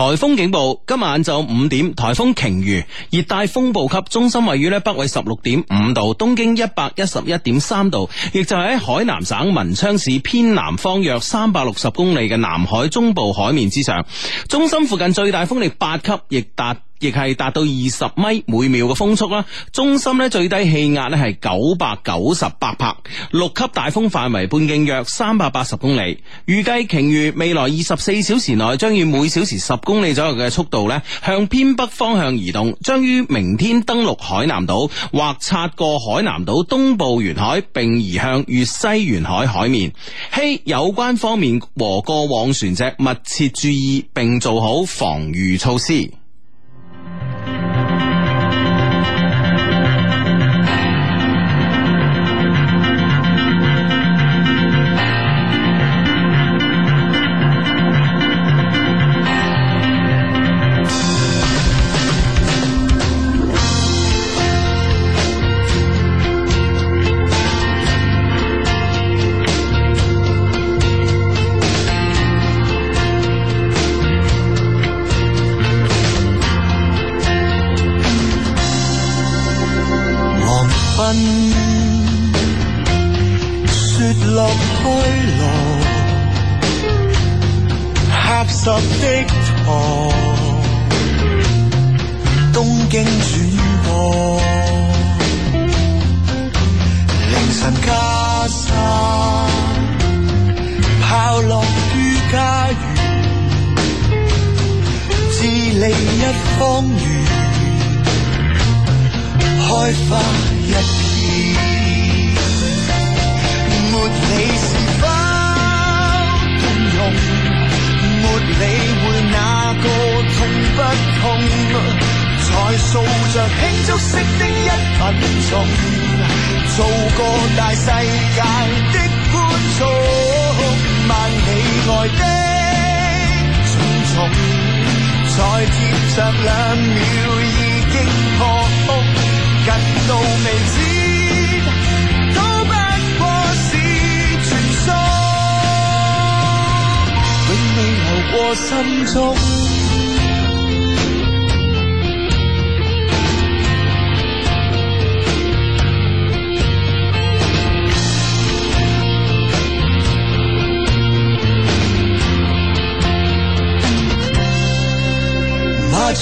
台風警報，今晚晏晝，五點，台風鯨魚，熱帶風暴級，中心位於咧北緯十六點五度，東經一百一十一點三度，亦就係喺海南省文昌市偏南方約三百六十公里嘅南海中部海面之上，中心附近最大風力八級，亦達。亦係達到二十米每秒嘅風速啦。中心咧最低氣壓咧係九百九十八帕，六級大風範圍半徑約三百八十公里。預計鯨魚未來二十四小時內將以每小時十公里左右嘅速度咧向偏北方向移動，將於明天登陸海南島或擦過海南島東部沿海，並移向粵西沿海海面。希、hey，有關方面和過往船隻密切注意，並做好防禦措施。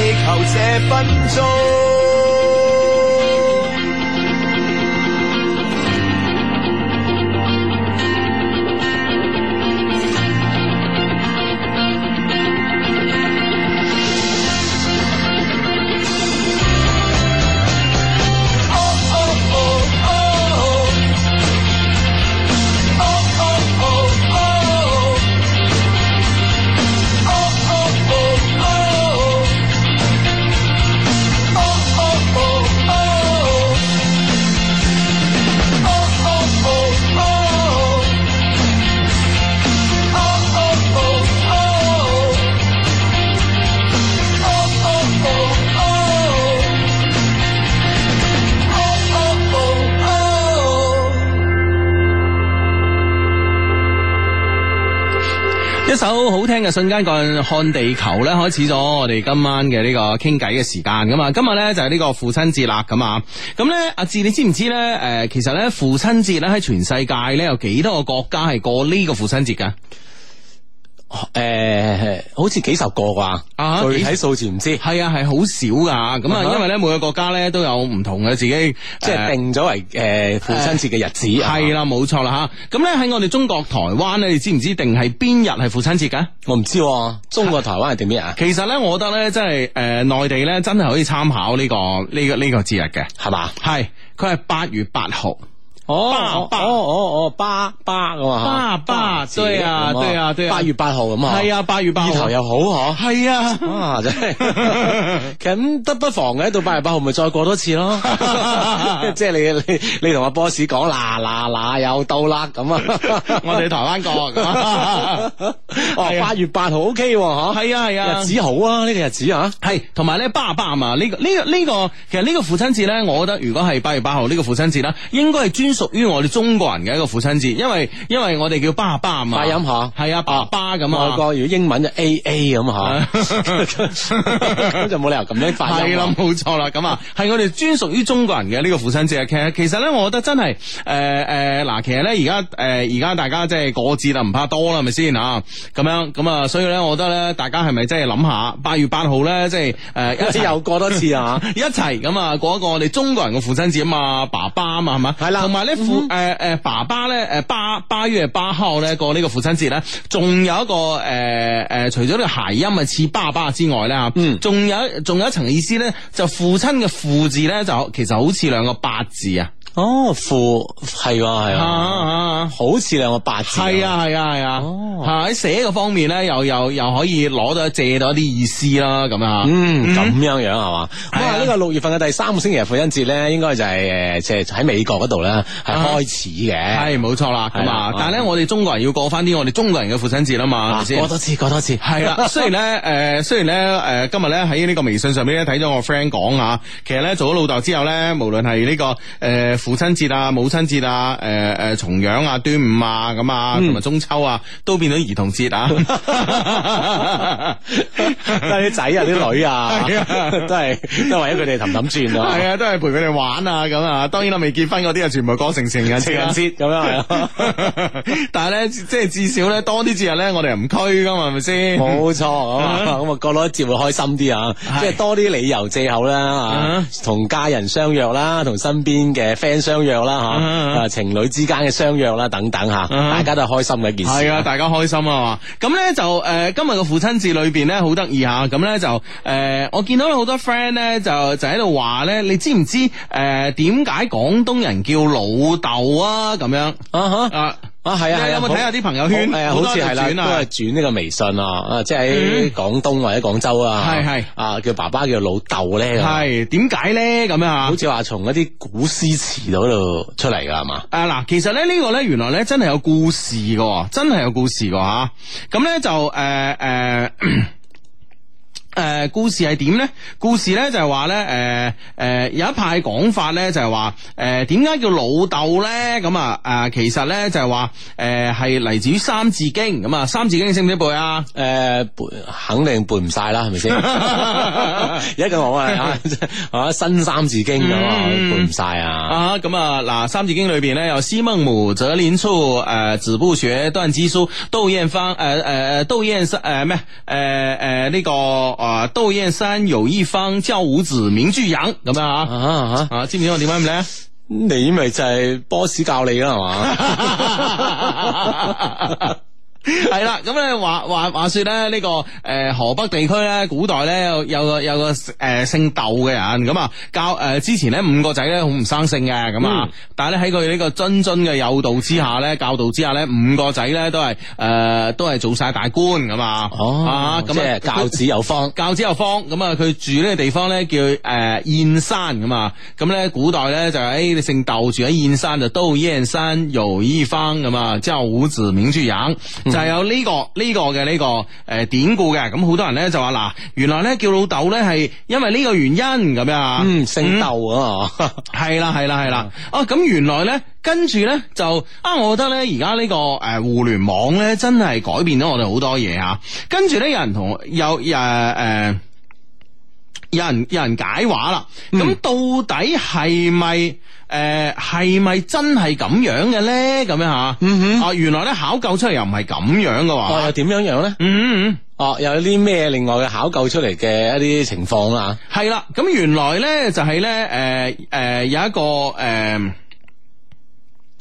祈求這分鐘。一首好聽嘅瞬間個看地球咧，開始咗我哋今晚嘅呢個傾偈嘅時間噶嘛。今日咧就係呢個父親節啦，咁啊，咁咧阿志，你知唔知咧？誒、呃，其實咧父親節咧喺全世界咧有幾多個國家係過呢個父親節噶？誒、呃，好似幾十個啩？啊、具體數字唔知。係啊，係好少噶。咁啊嗎，因為咧每個國家咧都有唔同嘅自己，呃、即係定咗為誒、呃、父親節嘅日子。係啦唉，冇錯啦吓。咁咧喺我哋中國台灣咧，你知唔知定係邊日係父親節噶？我唔知、啊。中國台灣係定咩啊？其實咧，我覺得咧，即係誒內地咧，真係可以參考呢、呢個呢、呢個呢、呢個節、呢個、日嘅，係嘛吧？係，佢係八月八號。哦，哦，哦，哦，八八咁啊，八八對啊，對啊，對啊，八月八號咁啊，係啊，八月八號又好嗬，係啊，其實咁得不妨嘅，到八月八號咪再過多次咯，即係你你你同阿 boss 講嗱，嗱嗱又到啦咁啊，我哋台灣國咁，哦，八月八號 OK 嗬，係啊係啊，日子好啊呢個日子啊，係，同埋咧八八啊嘛呢個呢個呢個，其實呢個父親節咧，我覺得如果係八月八號呢個父親節啦，應該係專。屬於我哋中國人嘅一個父親節，因為因為我哋叫爸爸嘛，發音係吧啊爸爸咁啊，吧外國如果英文就 A A 咁吓，咁就冇理由咁樣發音係、 啊、啦，冇錯啦，咁啊係我哋專屬於中國人嘅呢個父親節。其實其實咧，我覺得真係誒誒嗱，其實咧而家誒而家大家即係過節啦，唔怕多啦，係咪先吓、啊？咁樣咁啊，所以咧，我覺得咧，大家係咪真係諗下八月八號咧，即係誒一次又過多次啊， 一齊咁啊過一個我哋中國人嘅父親節啊嘛，爸爸啊嘛係嘛，係啦，同埋、啊。咧父誒誒、呃呃、爸爸咧誒八八於係八號咧過呢個父親節咧，仲有一個誒誒、呃，除咗呢個諧音啊似爸爸之外咧吓，嗯，仲有仲有一層意思咧，就父親嘅父字咧就其實好似兩個八字啊。哦，父係，係啊，好似兩個八字，係啊係啊係啊，喺寫嘅方面咧，又又又可以攞到借到一啲意思啦。咁啊，嗯，咁樣樣係嘛，咁啊，呢個六月份嘅第三個星期日父親節咧，應該就係誒，即係喺美國嗰度咧係開始嘅，係冇錯啦，咁啊，但係咧我哋中國人要過翻啲我哋中國人嘅父親節啦嘛，係咪先？過多次，過多次，係啦，雖然咧，誒，雖然咧，誒，今日咧喺呢個微信上邊咧睇咗我 friend 講啊，其實咧做咗老豆之後咧，無論係呢個誒。父親節啊、母親節啊、誒、呃、誒、呃、重陽啊、端午啊咁啊，同埋中秋啊，都變咗兒童節啊， 但係啲仔啊、啲女啊，都係都為咗佢哋氹氹轉咯。係啊， 都係 陪佢哋玩啊咁啊。當然啦，未結婚嗰啲啊，全部過成成人節情人節咁、啊、 樣、啊。 但係咧，即係至少咧，多啲節日咧，我哋唔拘噶嘛，係咪先？冇錯。咁啊，咁多、啊、各攞一節會開心啲啊，即係是多啲理由借口啦，同、啊啊啊、家人相約啦，同身邊嘅，啊相約啦，吓啊、嗯、情侶之間嘅相約啦，等等吓，嗯、大家都係開心嘅一件事。係啊，大家開心啊嘛。咁咧就誒、呃，今日嘅父親節裏邊咧好得意吓，咁咧就誒、呃，我見到有好多 friend 咧就就喺度話咧，你知唔知誒點解廣東人叫老豆啊？咁樣啊哈啊。啊啊啊係啊，有冇睇下啲朋友圈？係啊，好似係啦，都係轉呢個微信啊，即係喺廣東或者廣州啊，係係啊，叫爸爸叫老豆咧，係點解咧咁樣啊？好似話從一啲古詩詞度出嚟噶係嘛？誒嗱，其實咧呢個咧原來咧真係有故事噶，真係有故事噶吓。咁咧就誒誒。誒，故事係點咧？故事咧就係話咧，誒誒，有一派講法咧，就係話，誒，點解叫老豆咧？咁啊，誒，其實咧就係話，誒、呃，係嚟自於三《三字經》咁啊，《三字經》識唔識背啊？誒，背肯定背唔晒啦，係咪先？而家咁講啊，啊，《新三字經》咁、嗯嗯、啊，背唔晒啊！啊，咁啊，嗱，《三字經》裏邊咧，有“絲孟母擇鄰處”誒，子不學，斷機杼竇燕翻誒誒都竇誒咩？誒、呃、誒，呢、呃呃呃呃呃呢個。.啊！竇燕山有一方，教五子名俱揚，咁樣啊？啊啊，啊！知唔知我點解唔咧？你咪就係 boss 教你噶係嘛？ 係 啦，咁咧話話話說咧、這、呢個誒、呃、河北地區咧古代咧有有個有個誒姓竇嘅人咁啊教誒、呃、之前咧五個仔咧好唔生性嘅咁啊，但係咧喺佢呢個諄諄嘅誘導之下咧教導之下咧五個仔咧都係誒、呃、都係做晒大官咁、哦、啊，嗯、啊咁即係教子有方， 教子有方咁啊佢住呢個地方咧叫誒、呃、燕山咁啊，咁、嗯、咧古代咧就 A、是欸、姓竇住喺燕山就竇燕山有義方咁啊，教五子名俱揚。嗯、就有呢、這個呢、這個嘅呢、這個誒、呃、典故嘅，咁好多人咧就話嗱，原來咧叫老豆咧係因為呢個原因咁樣，嗯，姓竇啊，係啦，係啦，係啦，哦咁原來咧跟住咧就啊，我覺得咧而家呢、這個誒、呃、互聯網咧真係改變咗我哋好多嘢、嗯、啊，跟住咧有人同有誒誒。有人有人解話啦，咁、嗯、到底係咪誒係咪真係咁樣嘅咧？咁樣吓，啊原來咧考究出嚟又唔係咁樣嘅話，點、哦、樣樣咧？嗯，哦又有啲咩另外嘅考究出嚟嘅一啲情況啦？係啦，咁原來咧就係咧誒誒有一個誒。呃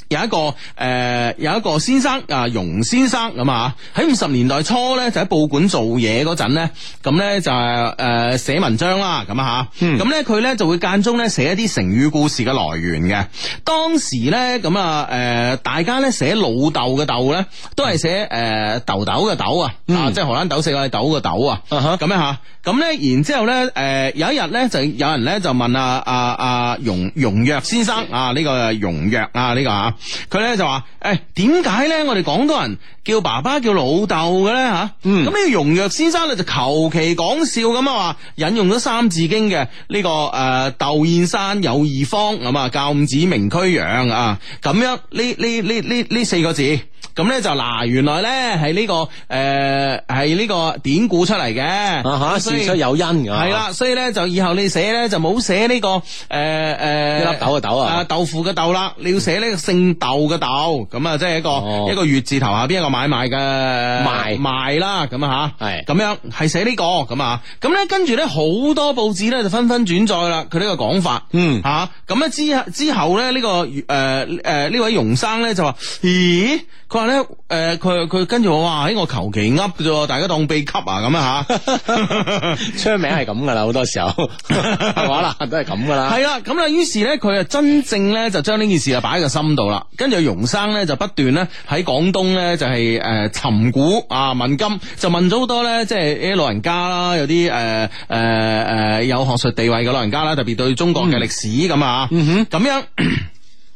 有一個誒，有一個先生啊，容先生咁啊，喺五十年代初咧，就喺報館做嘢嗰陣咧，咁咧就係誒寫文章啦，咁吓，咁咧佢咧就會間中咧寫一啲成語故事嘅來源嘅。當時咧咁、嗯、啊，誒大家咧寫老豆嘅豆咧，都係寫誒豆豆嘅豆啊，啊即係荷蘭豆、四季豆嘅豆啊，咁樣吓。咁咧然之後咧，誒有一日咧就有人咧就問阿阿阿容容若先生啊，呢、這個容若啊呢、這個啊。佢咧就話，誒、欸，點解咧？我哋廣東人叫爸爸叫老豆嘅咧吓，咁呢個容若先生咧就求其講笑咁啊，引用咗《三字經》嘅、這、呢個誒，竇、呃、燕山有義方，咁啊教五子名俱揚啊，咁樣呢呢呢呢呢四個字。咁咧就嗱，原來咧係呢個誒係呢個典故出嚟嘅，啊哈以事出有因，係啦，所以咧就以後你寫咧就冇寫呢個誒誒、呃、一粒豆嘅豆啊，豆腐嘅豆啦，你要寫呢個姓豆嘅豆，咁啊、嗯，即係一個、哦、一個月字頭下邊一個買賣嘅賣賣啦，咁啊吓，係咁樣係寫呢個咁、嗯、啊，咁咧跟住咧好多報紙咧就紛紛轉載啦，佢呢、呢個講法，嗯吓，咁咧之之後咧呢個誒誒呢位容生咧就話咦？佢話咧，誒，佢、呃、佢跟住我，哇！我求其噏啫，大家當秘笈啊，咁樣吓，出名係咁噶啦，好多時候係話啦， 都係咁噶啦。係啦，咁啦，於是咧，佢啊真正咧就將呢件事啊擺喺個心度啦。跟住容生咧就不斷咧喺廣東咧就係誒尋古啊問今，就問咗好多咧，即係啲老人家啦，有啲誒誒誒有學術地位嘅老人家啦，特別對中國嘅歷史咁啊，嗯哼，咁樣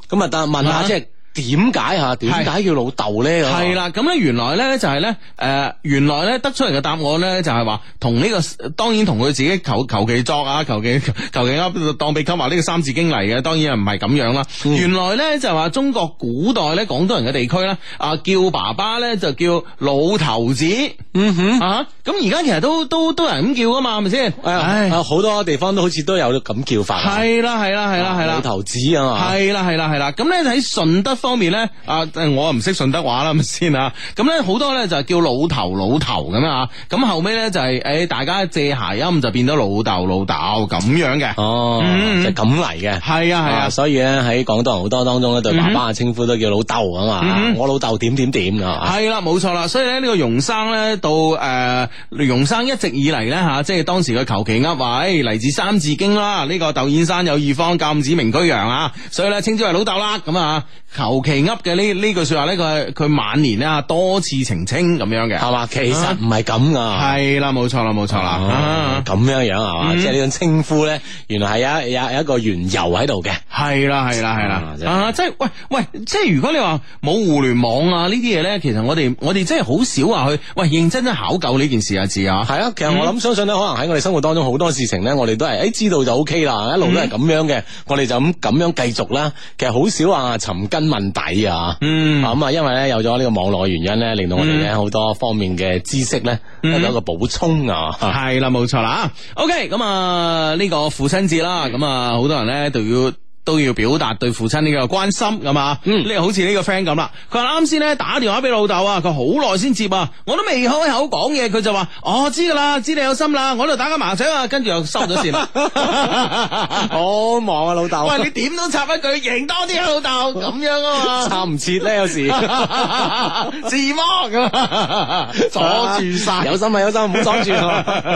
咁啊，但、嗯、 問下即係。點解吓？點解叫老豆呢？係啦，咁咧原來咧就係咧，誒，原來咧得出嚟嘅答案咧就係話，同呢個當然同佢自己求求其作啊，求其求其噏當俾吸納呢個《三字經》嚟嘅，當然唔係咁樣啦。原來咧就話中國古代咧廣東人嘅地區咧啊叫爸爸咧就叫老頭子，嗯哼啊，咁而家其實都都都有人咁叫噶嘛，係咪先？唉，好多地方都好似都有咁叫法。係啦係啦係啦係啦，老頭子啊嘛。係啦係啦係啦，咁咧喺順德。方面呢，啊，我唔識順德話啦，咪先啊。咁呢好多呢就叫老頭老頭咁樣啊。咁後尾呢就係，誒，大家借鞋音就變咗老豆老豆咁樣嘅。哦、啊，就咁嚟嘅。係啊係啊，所以呢，喺廣東好多當中呢，對爸爸嘅稱呼都叫老豆啊嘛。Mm hmm. 我老豆點點點噶。係啦， 冇錯啦。所以呢，呢個容生呢，到、呃、誒，容生一直以嚟呢，吓，即係當時佢求其噏話，嚟、哎、自《三字經》啦，呢個竇燕山有義方，教五子名俱揚啊。所以呢，稱之為老豆啦。咁啊，無其噏嘅，呢呢句說話呢，佢佢晚年啦，多次澄清咁樣嘅，係嘛？其實唔係咁啊，係啦，冇錯啦，冇錯啦，咁、啊、樣樣係嘛？即係呢種稱呼咧，原來係有有一個緣由喺度嘅，係啦係啦係啦，啊，即係喂喂，即係如果你話冇互聯網啊呢啲嘢咧，其實我哋我哋真係好少話去喂認真考究呢件事啊字啊，係啊，其實我諗、嗯、相信咧，可能喺我哋生活當中好多事情咧，我哋都係誒知道就 OK 啦，一路都係咁樣嘅，嗯、我哋就咁咁樣繼續啦。其實好少話尋根問。抵啊！嗯，咁啊，因為咧有咗呢個網絡原因咧，令到我哋咧好多方面嘅知識咧得到一個補充啊！係、嗯、 啦，冇錯啦。OK，咁啊呢個父親節啦，咁啊好多人咧就要。都要表達對父親呢個關心嘛，咁啊、嗯，你好似呢個 friend 咁啦，佢話啱先咧打電話俾老豆啊，佢好耐先接，啊，我都未開口講嘢，佢就話哦，知噶啦，知你有心啦，我呢度打緊麻雀啊，跟住又收咗線， 好忙啊老豆，喂你點都插一句贏多啲啊老豆，咁樣啊，插唔切咧有時 自摸忘咁、啊、 阻住晒了、 啊，有心係、啊、有心，唔阻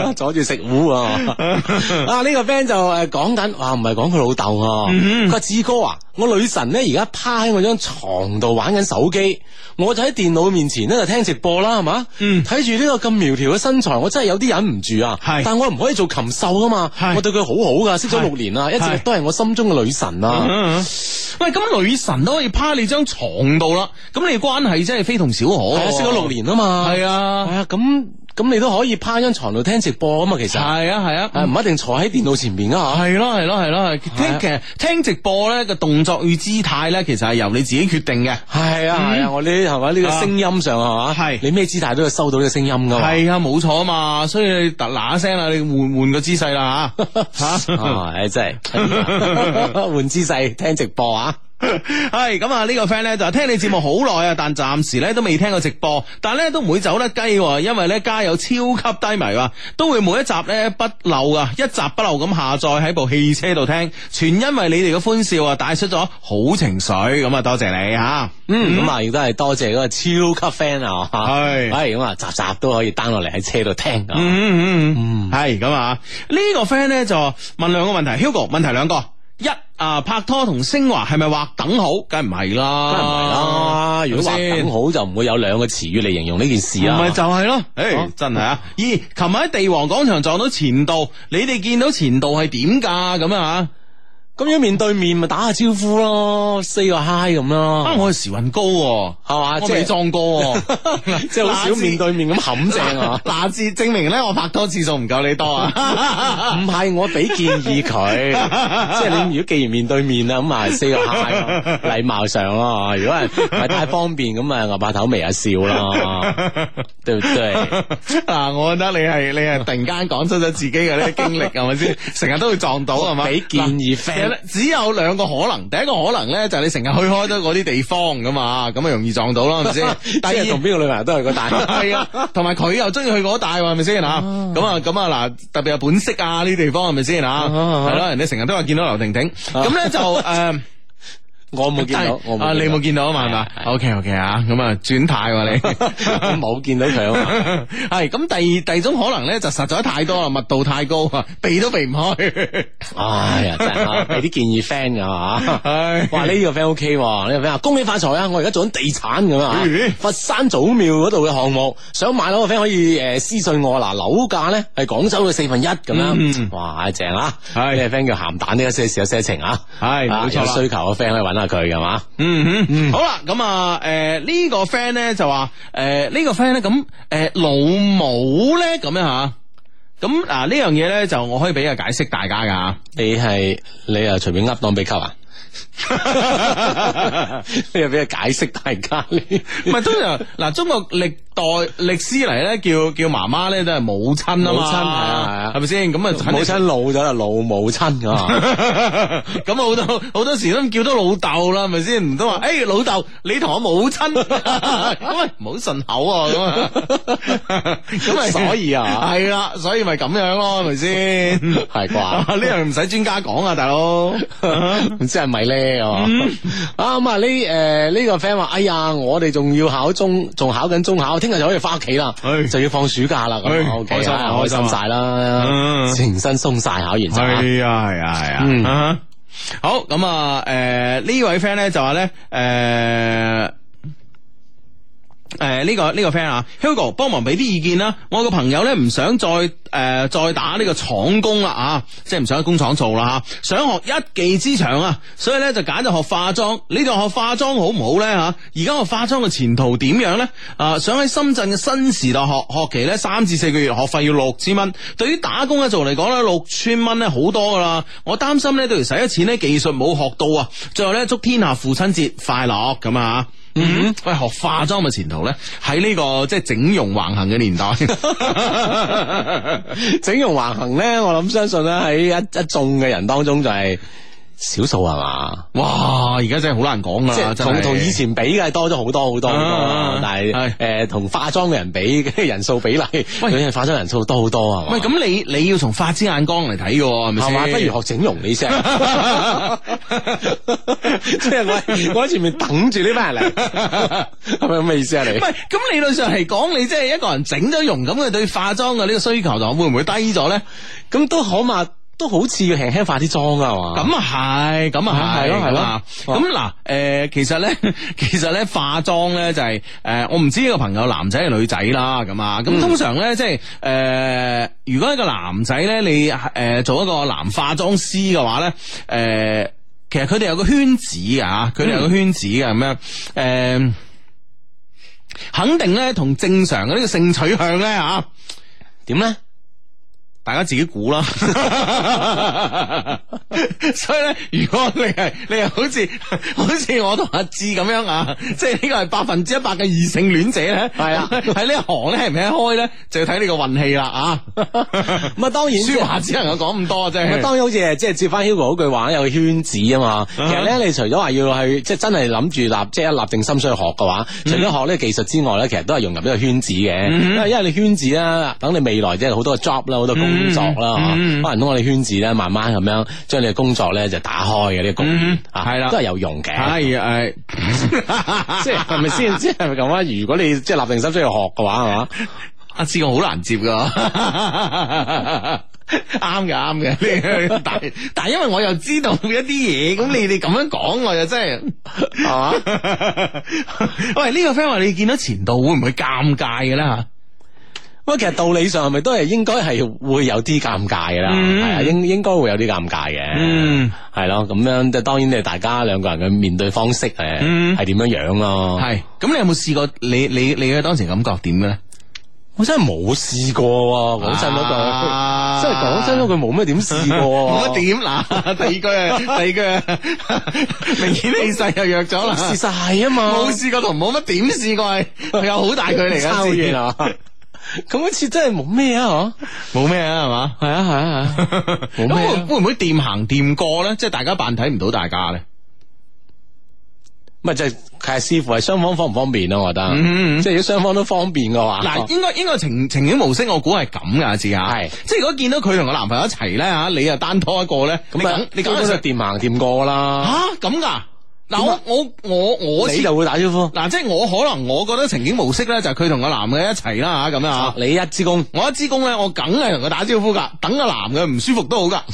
住，阻住食糊啊，啊呢個 friend 就誒講緊，哇唔係講佢老豆。啊、嗯。佢話、嗯、志哥啊，我女神咧而家趴喺我張床度玩緊手機，我就喺電腦面前咧就聽直播啦，係嘛？嗯，睇住呢個咁苗條嘅身材，我真係有啲忍唔住啊。係，是 但我唔可以做禽獸啊嘛。係，是 我對佢好好噶，識咗六年啦，是 一直都係我心中嘅女神的啊。喂，咁女神都可以趴你張床度啦，咁你關係真係非同小可。係，識咗六年啊嘛。係啊。係啊。咁。咁你都可以趴喺張床度聽直播啊嘛，其實係啊，係啊，唔、啊、 一定坐喺電腦前面啊。吓、啊。係咯，係咯，係咯，聽其實聽直播咧嘅動作與姿態咧，其實係由你自己決定嘅。係啊，啊嗯、我呢係嘛呢個聲音上係嘛，的你咩姿態都會收到呢個聲音噶嘛。係啊，冇錯啊嘛，所以你嗱一聲啦，你換換個姿勢啦吓吓，誒真係換姿勢聽直播啊！係咁啊！這個、呢個 friend 咧就聽你節目好耐啊，但暫時咧都未聽過直播，但咧都唔會走得雞，因為咧家有超級低迷啊，都會每一集咧不漏啊，一集不漏咁下載喺部汽車度聽，全因為你哋嘅歡笑啊，帶出咗好情緒，咁啊多謝你吓，嗯，咁、嗯、啊亦都係多謝嗰個超級 friend 啊，係係咁啊集集都可以 down 落嚟喺車度聽、啊嗯，嗯嗯嗯，係咁、嗯、啊！這個、呢個 friend 咧就問兩個問題，Hugo 問題兩個。一啊，拍拖同升華係咪畫等號？梗係唔係啦，梗係唔係啦。如果畫等號就唔會有兩個詞語嚟形容呢件事啦。唔係就係咯，誒真係啊！二，琴日喺地王廣場撞到前度，你哋見到前度係點噶？咁啊咁樣面對面咪打下招呼咯，say 個 hi 咁咯。我係時運高喎，係嘛？我未撞過，即係好少面對面咁冚正。但嗱，至證明咧，我拍拖次數唔夠你多啊。唔係我俾建議佢，即係你如果既然面對面啦，咁啊 say 個 hi，禮貌上咯。如果係唔太方便咁啊，我把手眉啊笑咯，對唔對？啊，我覺得你係你係突然間講出咗自己嘅啲經歷係咪先？成日都會撞到係嘛？俾建議只有兩個可能，第一個可能咧就係你成日去開得嗰啲地方噶嘛，咁啊 容易撞到啦，係咪先？ 第二同邊個女朋友都係個大，係啊，同埋佢又中意去大帶，係咪先啊？咁啊，咁啊嗱，特別係本色啊呢啲地方係咪先啊？係咯， 人哋成日都話見到劉婷婷，咁咧 就誒。呃 我冇見到，我冇。啊，你冇見到啊嘛，係嘛？OK，OK 啊，咁啊，轉態喎你，冇見到佢。係咁，第二第二種可能咧，就實在太多啦，密度太高啊，避都避唔開。哎呀，真係俾啲建議 friend 噶嘛，話呢個 friend OK，呢個 friend 啊，恭喜發財啊！我而家做緊地產咁啊，佛山祖廟嗰度嘅項目，想買樓嘅 friend 可以誒私信我。嗱，樓價咧係廣州嘅四分一咁樣。哇，正啊！係，呢個 friend 叫咸蛋，呢個 fans 有些情啊。係，冇錯有需求嘅 friend 可啦佢㗎嘛，嗯哼，好啦，咁、呃、啊，誒、這個、呢、呃這個 friend 咧就話，誒呢個 friend 咧咁，誒老母咧咁樣吓，咁啊呢樣嘢咧就我可以俾個解釋大家噶，你係你啊隨便噏當秘笈啊？你又俾佢解釋大家咧？唔係 通常嗱，中國歷代歷史嚟咧，叫叫媽媽咧都係母親啊嘛，係啊係啊，係咪先？咁啊，母親老咗就老母親噶嘛。咁好多好多時都叫到老豆啦，係咪先？唔通話誒，老豆你同我母親 喂，唔好順口咁啊。 咁咪所以啊，係啦，所以咪咁樣咯，係咪先？係啩？呢樣唔使專家講啊，大佬，唔知係咪咧？啊，咁啊呢？誒呢個 friend 話：哎呀，我哋仲要考中，仲考緊中考，聽日就可以翻屋企啦，就要放暑假啦，開心開心晒啦，成身鬆晒，考完就係啊係啊係啊，好咁啊？誒呢位 friend 咧就話咧，誒。誒，呢、這個呢、這個 friend 啊，Hugo，幫忙俾啲意見啦。我個朋友呢，唔想再誒、呃、再打呢個廠工啦啊，即係唔想喺工廠做啦吓、啊，想學一技之長啊，所以呢，就揀咗學化妝。呢度學化妝好唔好呢？吓、啊？而家學化妝嘅前途點樣呢？啊，想喺深圳嘅新時代學學期呢三至四個月，學費要六千蚊。對於打工一族嚟講呢，六千蚊呢好多噶啦。我擔心呢，對於使咗錢呢，技術冇學到啊。最後呢，祝天下父親節快樂咁啊！嗯，喂，學化妝嘅前途咧？喺呢個即係整容橫行嘅年代， 整容橫行咧，我諗相信啦，喺一一眾嘅人當中就係。少數係嘛？哇！而家真係好難講啦，同同以前比嘅係多咗好多好多，但係誒同化妝嘅人比人數比例，女人化妝人數多好多啊！喂，咁你你要從化妝眼光嚟睇嘅係咪不如學整容你先，即係我我喺前面等住呢班人嚟，係咪咩意思啊？你唔咁理論上嚟講，你即係一個人整咗容咁，佢對化妝嘅呢個需求就會唔會低咗咧？咁都可嘛？都好似要輕輕化啲妝㗎嘛，咁啊係，咁啊係，係咯，咁嗱，誒，其實咧，其實咧，化妝咧就係，誒，我唔知呢個朋友男仔定女仔啦，咁啊，咁通常咧、就是，即係，誒，如果一個男仔咧，你誒做一個男化妝師嘅話咧，誒、呃，其實佢哋有個圈子嘅啊，佢哋有個圈子嘅咁樣，誒、呃，肯定咧同正常嘅呢個性取向咧啊，點咧、嗯？大家自己估啦，所以咧，如果你係，你又好似好似我同阿志咁樣啊，即係呢個係百分之一百嘅異性戀者咧，係 啊，喺呢一行咧係唔係一開咧，就要睇你個運氣啦啊。咁啊，當然，說話只能夠講咁多啫。 當然，好似即係接翻 Hugo 嗰句話，有個圈子啊嘛。其實咧，啊、你除咗話要去即係真係諗住立，即係立定心水去學嘅話，除咗學呢個技術之外咧，其實都係融入呢個圈子嘅，啊、因為你圈子啦，等你未來即係好多嘅 job 啦，好多工作。嗯嗯啊、慢慢工作啦，可能通過你圈子咧，慢慢咁樣將你嘅工作咧就打開嘅呢個工，係啦，都係有用嘅。係啊 即係咪先？即係咪咁啊？如果你即係立定心出去學嘅話，係嘛、 啊？阿志哥好難接噶，啱嘅啱嘅。但但因為我又知道一啲嘢，咁你哋咁樣講我又真係係嘛？ 喂，呢、這個 friend 話你見到前度會唔會尷尬嘅咧吓？不過其實道理上係咪都係應該係會有啲尷尬啦？係啊，應應該會有啲尷尬嘅。嗯，係咯，咁樣即當然係大家兩個人嘅面對方式誒，係點樣樣咯？係，咁你有冇試過？你你你嘅當時感覺點咧？我真係冇試過喎，講真嗰句，真係講真嗰句冇乜點試過。冇點？嗱，第二句係第二句明顯氣勢又弱咗啦。試晒係啊嘛，冇試過同冇乜點試過係有好大距離嘅。咁好似真係冇咩啊，冇咩啊係嘛，係啊係啊係啊，冇咩、啊。會唔會掂行掂過咧？即係大家扮睇唔到大家咧。唔係，即係視乎係雙方方唔方便咯、啊，我覺得。嗯嗯，即係如果雙方都方便嘅話，嗱、嗯， 應該應該情情景模式，我估係咁噶字啊，係，是即係如果見到佢同個男朋友一齊咧吓，你又單拖一個咧，咁你梗你梗係識掂行掂過啦。吓咁噶？嗱我我我我你就會打招呼。嗱，即係我可能我覺得情景模式咧，就係佢同個男嘅一齊啦咁樣吓。你一支公，我一支公咧，我梗係同佢打招呼噶，等個男嘅唔舒服都好噶。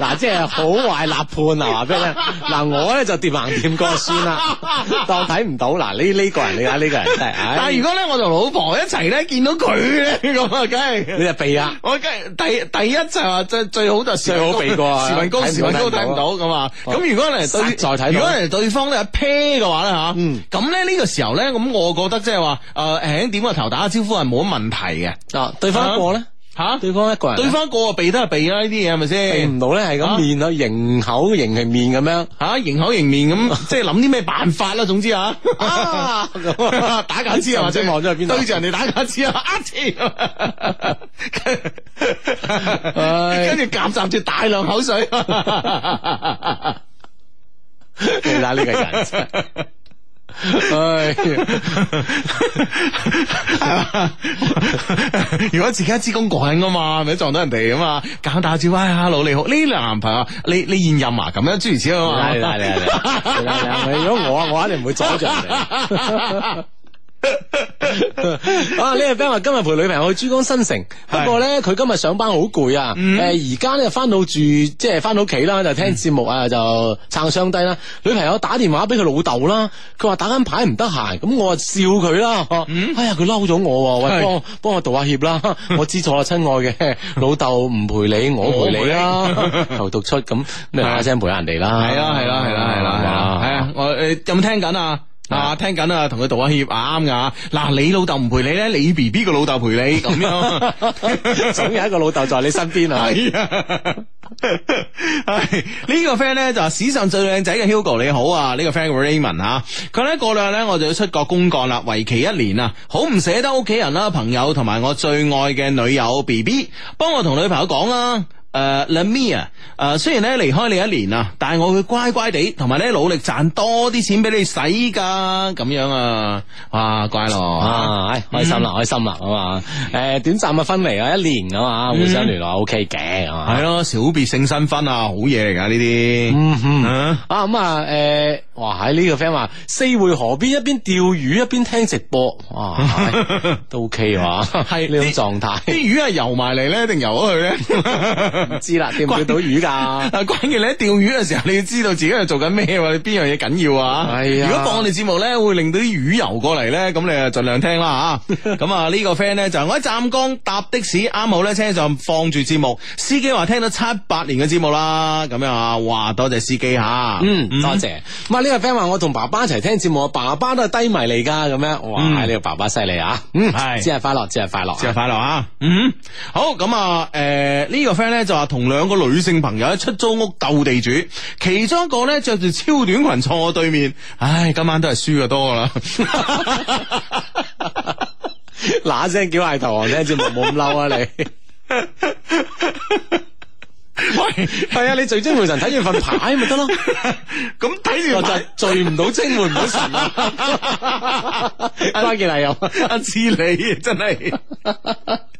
嗱，即係好壞立判啊嘛，話畀你聽。嗱，我咧就掂行掂過算啦，當睇唔到。嗱，呢呢個人你睇呢個人。但係如果咧我同老婆一齊咧見到佢咧，咁啊梗係你就避啊。我梗係第第一就係最最好就係視頻高避過啊。視頻高視頻高睇唔到咁啊。咁完。如果嚟實在睇，如果嚟對方咧啤嘅話咧吓，咁咧呢個時候咧，咁我覺得即係話誒，點個頭打個招呼係冇乜問題嘅。啊，對方一個咧吓，對方一個人，對方個鼻都係鼻啦，呢啲嘢係咪先唔到咧？係咁面啊，迎口迎係面咁樣吓，迎口迎面咁，即係諗啲咩辦法啦？總之啊，打假資係或者望咗喺邊度，對住人哋打假資啊！跟住夾雜住大量口水。你睇呢個人，唉，如果自己一支公過人噶嘛，咪撞到人哋啊嘛，夾打招呼，hello 你好，呢男朋友？你你現任啊咁樣諸如此類啊嘛，係係係，如果我我肯定唔會阻住人哋。啊！呢位 friend 話今日陪女朋友去珠江新城，不過咧佢今日上班好攰啊。誒，而家咧翻到住，即係翻到屋企啦，就聽節目啊，就撐上低啦。女朋友打電話俾佢老豆啦，佢話打緊牌唔得閒，咁我笑佢啦。哎呀，佢嬲咗我，喂，幫幫我道下歉啦。我知錯，親愛嘅老豆唔陪你，我陪你啦。頭讀出咁，你把聲陪下人哋啦。係啦，係啦，係啦，係啦，係啦。係啊，我誒有冇聽緊啊？啊，聽緊啊，同佢道下歉，啱、啊、噶。嗱、啊，你老豆唔陪你咧，你 B B 個老豆陪你咁樣，總 有一個老豆在你身邊 是啊。係呢個 friend 咧就係史上最靚仔嘅 Hugo，你好啊，呢、這個 friend Raymond 佢咧過兩日咧我就要出國公幹啦，為期一年啊，好唔捨得屋企人啦，朋友同埋我最愛嘅女友 B B，幫我同女朋友講啦。誒，Lamia，誒，uh, uh, 雖然咧離開你一年啊，但係我會乖乖地，同埋咧努力賺多啲錢俾你使噶，咁樣啊，啊，乖咯，啊，唉，開心啦，嗯、開心啦，啊嘛，誒，短暫嘅分離啊，一年啊嘛，互相聯絡，O K 嘅，係咯、嗯 OK，小別勝新婚。嗯嗯、啊，好嘢嚟噶呢啲，嗯哼，啊，咁、呃、啊，誒。哇！喺、這、呢個 friend 話四會河邊，一邊釣魚，一邊聽直播，哇，哎、都 OK 啊，係呢種狀態。啲魚係游埋嚟咧，定游咗去咧？唔 知啦，釣唔釣到魚噶？啊， 關鍵，你喺釣魚嘅時候，你要知道自己喺度做緊咩，你邊樣嘢緊要啊？係啊、哎呀，如果放我哋節目咧，會令到啲魚游過嚟咧，咁你啊盡量聽啦啊！咁啊呢個 friend 咧就係我喺湛江搭的士，啱好咧車上放住節目，司機話聽到七八年嘅節目啦，咁樣啊，哇！多謝司機吓，嗯，多謝、嗯。呢個 friend 話我同爸爸一齊聽節目，爸爸都係低迷嚟噶，咁樣哇，呢、嗯、個爸爸犀利啊！嗯，係，節日快樂，節日快樂，節日快樂啊！嗯，好，咁啊，誒、呃，呢、這個 friend 咧就話同兩個女性朋友喺出租屋鬥地主，其中一個咧着住超短裙坐我對面，唉，今晚都係輸嘅多啦，嗱 聲 叫嗌投降，聽節目冇咁嬲啊你。 喂、 哎，係、 嗯、 啊！你聚精會神睇住份牌咪得咯，咁睇住就聚唔到精，會唔到神啊！關鍵有阿知你，真係。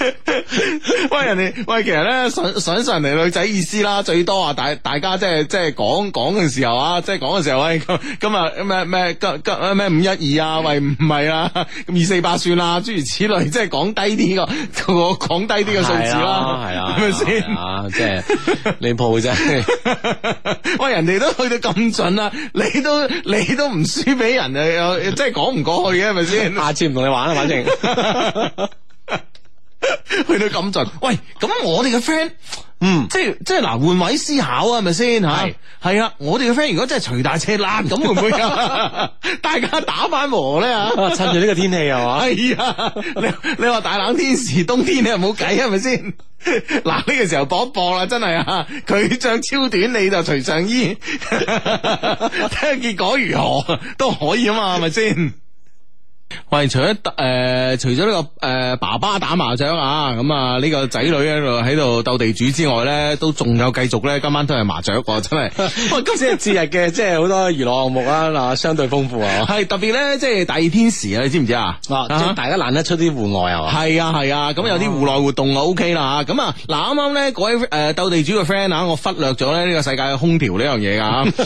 喂，人哋喂，其實咧想想上人哋女仔意思啦，最多啊大大家即係即係講講嘅時候啊，即係講嘅時候咁咁啊咩咩咩五一二啊，喂唔係啊，咁二四八算啦，諸如此類，即係講低啲個，同我講低啲個數字啦，係啊，係咪先啊？即係你鋪啫， 喂人哋都去到咁準啦，啊，你都你都唔輸俾人啊，即係講唔過去嘅係咪先？是是啊，下次唔同你玩啦，啊，反正。 去到咁盡，喂，咁我哋嘅 friend，嗯，即係即係嗱，換位思考係係啊，係咪先吓？係啊，我哋嘅 friend 如果真係隨大車爛，咁會唔會㗎大家打翻和咧啊？趁住呢個天氣係嘛？哎呀，你你話大冷天時， 冬天你又冇計啊，係咪先？嗱，呢個時候搏一搏啦，真係啊，佢着超短，你就除上衣，睇下 結果如何都可以啊嘛，係咪先？喂，除咗誒，除咗呢個誒，爸爸打麻雀啊，咁啊，呢個仔女喺度喺度鬥地主之外咧，都仲有繼續咧，今晚都係麻雀，真係。今次節日嘅，即係好多娛樂項目啊，嗱，相對豐富啊，係特別咧，即係大熱天時啊，你知唔知啊？嗱，大家懶得出啲戶外啊，係啊係啊，咁有啲戶外活動就 OK 啦。咁啊，嗱，啱啱咧嗰位誒鬥地主嘅 friend 啊，我忽略咗咧呢個世界嘅空調呢樣嘢噶。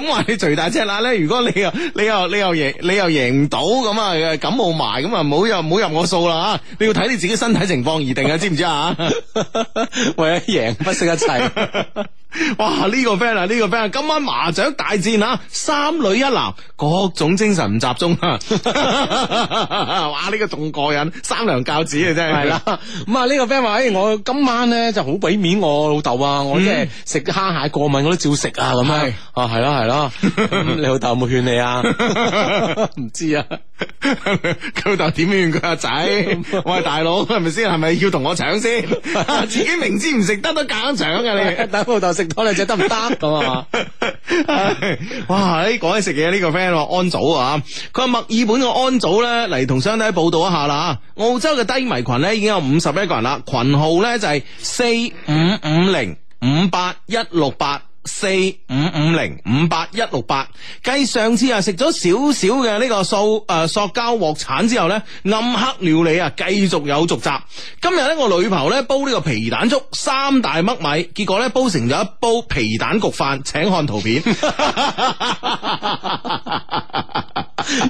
咁話你最大隻啦咧，如果你又你又你又贏你又贏唔到。咁啊，感冒埋咁啊，唔好入唔好入我數啦吓！你要睇你自己身體情況而定啊 知知啊，知唔知啊？為咗贏不惜一切， 哇！呢、這個 friend 啊，呢個 friend，今晚麻雀大戰啊，三女一男，各種精神唔集中啊！ 哇，呢、這個仲過癮，三娘教子啊，真係。係啦 的，咁啊，呢個 friend 話誒，我今晚咧就好俾面我老豆啊，我即係食蝦蟹過敏我都照食啊，咁是啊，係咯係咯，你老豆有冇勸你啊？唔 知啊。佢老豆點樣怨佢阿仔？我係大佬，係咪先？係咪要同我搶先？自己明知唔食得都夾硬搶嘅你，等老豆食多你隻得唔得咁啊？哇！喺講起食嘢呢個 friend 安祖啊，佢話墨爾本個安祖咧嚟同兄弟報道一下啦。澳洲嘅低迷群咧已經有五十一個人啦，群號咧就係四五五零五八一六八。四五五零五八一六八，繼上次啊食咗少少嘅呢個塑、誒塑膠鍋鏟之後呢，暗黑料理啊繼續有續集。今日呢，我女朋友呢煲呢個皮蛋粥，三大粒米，結果呢，煲成咗一煲皮蛋焗飯，請看圖片。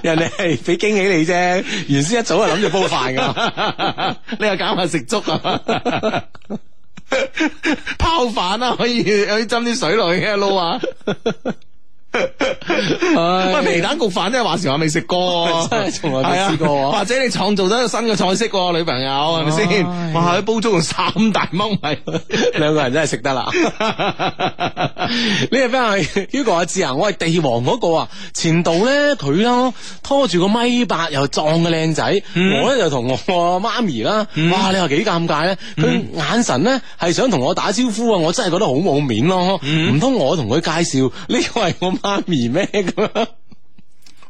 人哋係俾驚喜你啫，原先一早係諗住煲飯噶， 你又搞埋食粥啊？ 泡飯啊，可以可以斟啲水落去嘅撈啊！唉，皮蛋焗飯真係話時話未食過，真係從來未試過。或者你創造咗一個新嘅菜式，女朋友係咪先？哇，啲煲粥仲三大蚊、米，兩個人真係食得啦。你係邊個？Hugo 阿志啊，我係地王嗰個啊。前度咧，佢咧拖住個米八又壯嘅靚仔，我咧就同我媽咪啦。哇，你話幾尷尬咧？佢眼神咧係想同我打招呼啊！我真係覺得好冇面咯。唔通我同佢介紹呢個係我媽咪咩？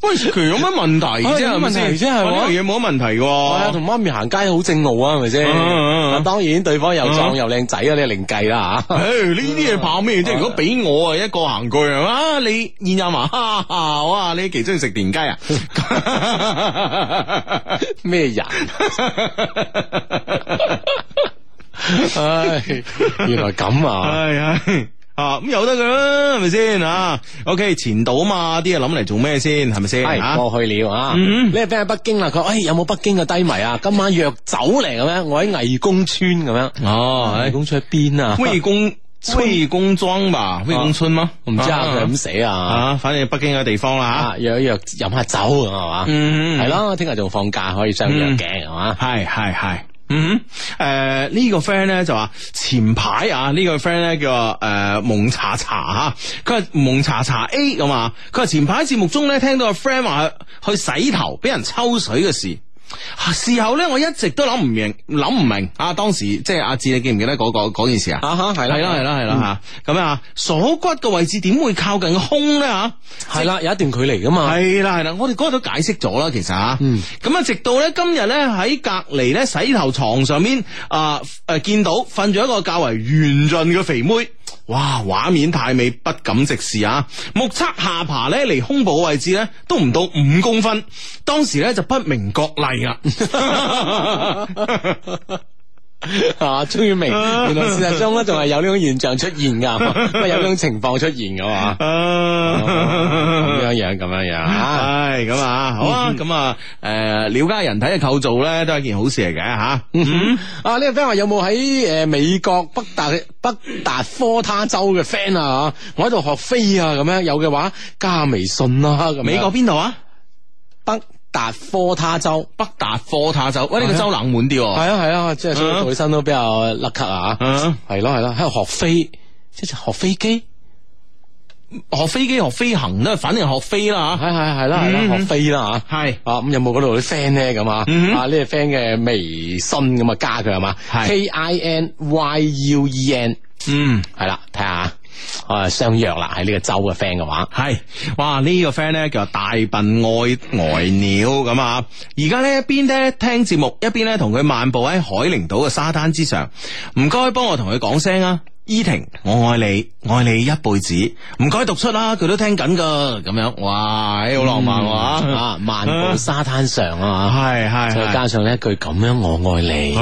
喂，佢有乜問、啊啊、問題？即係行，即係、啊，啲嘢冇乜問題噶、啊。同媽咪行街正好正路啊，係咪先？行啊、當然，對方又壯又靚仔啊，啊，啊，你另計啦吓。呢啲嘢怕咩、啊？即係、啊、如果俾我一個行過，啊，你現任媽哈哇，你幾中意食田雞啊？咩人、啊 麼人 哎？原來咁啊！哎哎啊咁有得噶啦，係咪先啊？OK，前度啊嘛，啲嘢諗嚟做咩先？係咪先？係過去了啊，嗯、你係翻喺北京啦、啊。佢，哎，有冇北京嘅低迷啊？今晚約酒嚟嘅咩？我喺魏公村咁樣。哦，嗯、魏公村喺邊啊？魏公，魏春公莊吧？魏公村嗎？唔知啊，佢咁、啊、死啊。啊，反正北京嘅地方啦、啊、吓、啊，約一約飲下酒係嘛，係咯。聽日仲放假，可以真係約鏡係嘛？係係係。嗯嗯，誒、呃、呢、這個 friend 咧就話前排啊呢、這個 friend 咧叫誒、呃、蒙查查吓，佢係蒙查查 A 咁啊，佢係前排節目中咧聽到個 friend 話去洗頭俾人抽水嘅事。事後咧，我一直都諗唔明，諗唔明啊！當時即係阿志，啊、智，你記唔記得嗰、那個件事啊？啊、那、哈、個，係啦係啦係啦係啦吓，咁啊、uh，鎖、huh, 嗯嗯、骨嘅位置點會靠近胸咧？吓，係啦，有一段距離噶嘛。係啦係啦，我哋嗰度都解釋咗啦，其實吓，咁啊、嗯，直到咧今日咧喺隔籬咧洗頭床上面，啊、呃、誒、呃，見到瞓住一個較為圓潤嘅肥妹。哇！畫面太美，不敢直視啊！目測下巴咧，離胸部位置咧都唔到五公分，當時咧就不明覺厲啦。 啊，終於明，原來事實中咧仲係有呢種現象出現噶，咪、啊、有呢種情況出現噶嘛？咁、啊、樣、啊啊、樣，咁樣樣，係咁、哎、啊，嗯、哼好啊，咁、嗯、哼啊，誒、呃，了解人體嘅構造咧都係一件好事嚟嘅吓。啊，呢個 friend 話有冇喺誒美國北達北達科他州嘅 friend 啊？我喺度學飛啊，咁樣有嘅話加微信啦、啊。美國邊度啊？達科他州，北達科他州，喂呢個州冷門啲喎，係啊係啊，即係所以做起身都比較甩咳啊吓，係咯係咯，喺度學飛，即係學飛機，學飛機學飛行啦，反正學飛啦吓，係係係啦，學飛啦吓，係啊咁有冇度啲 friend 咧咁啊？啊呢個 friend 嘅微信咁啊加佢係嘛，K I N Y U E N，嗯係啦，睇下。啊，相約啦，係呢個州嘅 friend 嘅話係，哇，呢個 friend 呢，叫大笨愛呆鳥咁啊，而家呢一邊呢聽節目，一邊呢同佢漫步喺海陵島嘅沙灘之上，唔該幫我同佢講聲啊。伊婷，我愛你，愛你一輩子，唔該讀出啦，佢都聽緊噶，咁樣，哇，好浪漫哇，漫步沙灘上啊，係係，再加上呢一句咁樣，我愛你，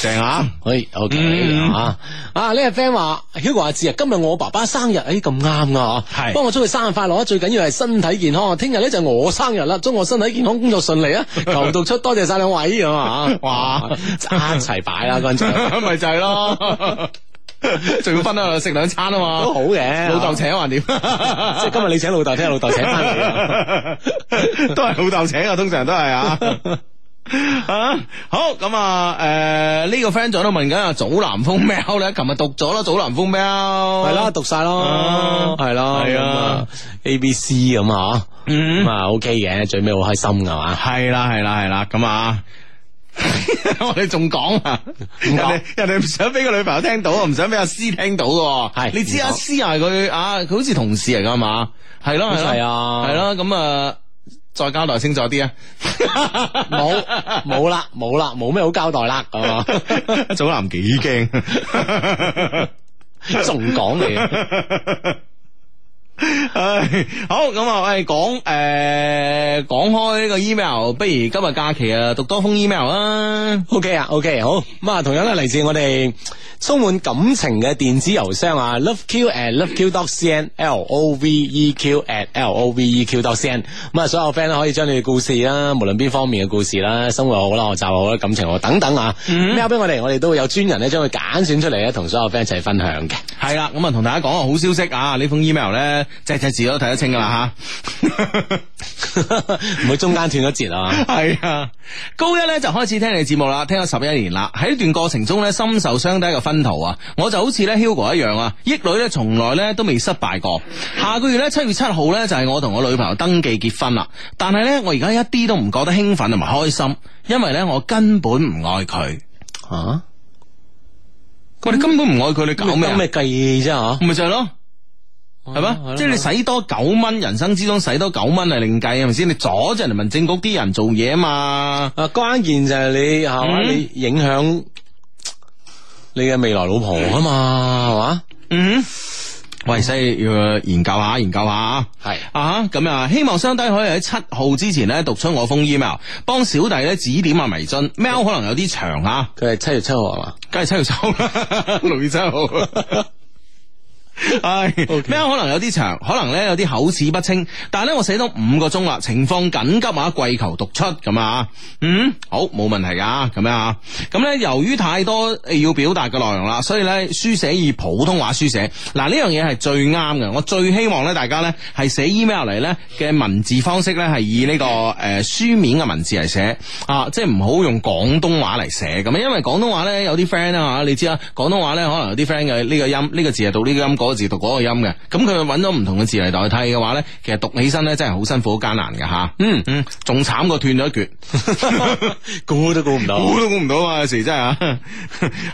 正啊，哎，OK 啊，啊，呢個 friend 話，Hugo 話啊，今日我爸爸生日，哎，咁啱啊！吓，幫我祝佢生日快樂啊，最緊要係身體健康啊，聽日咧就係我生日啦，祝我身體健康，工作順利啊，求讀出，多謝晒兩位啊哇，一齊擺啦，剛才，咪就係咯。仲要分啊食兩餐啊嘛，都好嘅，老豆請還點？即係今日你請老豆，聽日老豆請翻嚟，都係老豆請啊，通常都係啊，啊好咁啊，誒呢個 friend 仔都問緊啊，早藍風喵呢琴日讀咗啦，早藍風喵係啦，讀晒咯，係咯，係啊，A B C 咁啊，咁啊 O K 嘅，最尾好開心噶嘛，係啦係啦係啦，咁啊。 我哋仲講啊，人哋人哋唔想俾個女朋友聽到，唔想俾阿師聽到嘅。係是你知說阿師係佢啊，佢好似同事嚟噶嘛？係咯係啊，係咯。咁啊、呃，再交代清楚啲啊。冇冇啦，冇啦，冇咩好交代啦。阿祖藍幾驚，仲講嘢。 唉，好咁啊！我哋講誒，講、呃、開呢個 email，不如今日假期啊，讀多封 email 啦。O K 啊，O K，好咁啊，同樣咧嚟自我哋充滿感情嘅電子郵箱啊，Love Q at Love Q dot C N，L O V E Q at L O V E Q dot C N。咁啊，所有 friend 可以將你嘅故事啦，無論邊方面嘅故事啦，生活好啦，學習好啦，感情好等等啊，咩啊、mm，俾、hmm. 我哋，我哋都會有專人咧將佢揀選出嚟咧，同所有 friend 一齊分享嘅。係啦，咁啊同大家講個好消息啊！呢封 email 呢，只隻字都睇得清噶啦吓，唔、啊、 會中間斷咗節啊！係 啊，高一呢就開始聽你節目啦，聽咗十一年啦。喺呢段過程中呢，深受傷低嘅分途啊，我就好似呢 Hugo 一樣啊，毅女呢從來呢都未失敗過。下個月呢，七月七號呢，就係、是、我同我女朋友登記結婚啦。但係呢，我而家一啲都唔覺得興奮同埋開心，因為呢，我根本唔愛佢啊。我哋根本唔愛佢，你搞咩咁咩計啫吓？咪、啊、就係咯，係嘛？即係你使多九蚊，人生之中使多九蚊係另計，係咪先？你阻住人哋民政局啲人做嘢嘛？啊，關鍵就係你係嘛、嗯？你影響你嘅未來老婆啊嘛？嗯。吧喂，西，要研究下，研究下是啊，係啊，咁啊希望雙低可以喺七號之前咧讀出我封 email，幫小弟咧指點阿、啊、迷津，喵、嗯、可能有啲長吓、啊，佢係七月七號係嘛，梗係七月七號，啦，六月七號。 唉，咩 Okay. 可能有啲長，可能咧有啲口齒不清，但係咧我寫到五個鐘啦，情況緊急啊，跪求讀出咁啊，嗯，好冇問題噶，咁樣啊，咁咧由於太多要表達嘅內容啦，所以咧書寫以普通話書寫，嗱呢樣嘢係最啱嘅，我最希望咧大家咧係寫 email 嚟咧嘅文字方式咧係以呢個誒書面嘅文字嚟寫啊，即係唔好用廣東話嚟寫咁啊，因為廣東話咧有啲 friend 啊，你知啊，廣東話咧可能有啲 friend 嘅呢個音呢個字係讀呢個音。這個個字讀嗰個音嘅，咁佢揾到唔同嘅字嚟代替嘅話咧，其實讀起身咧真係好辛苦、好艱難嘅吓。嗯嗯，仲慘過斷咗一橛，估 都估唔到，估都估唔到啊。有時真係啊。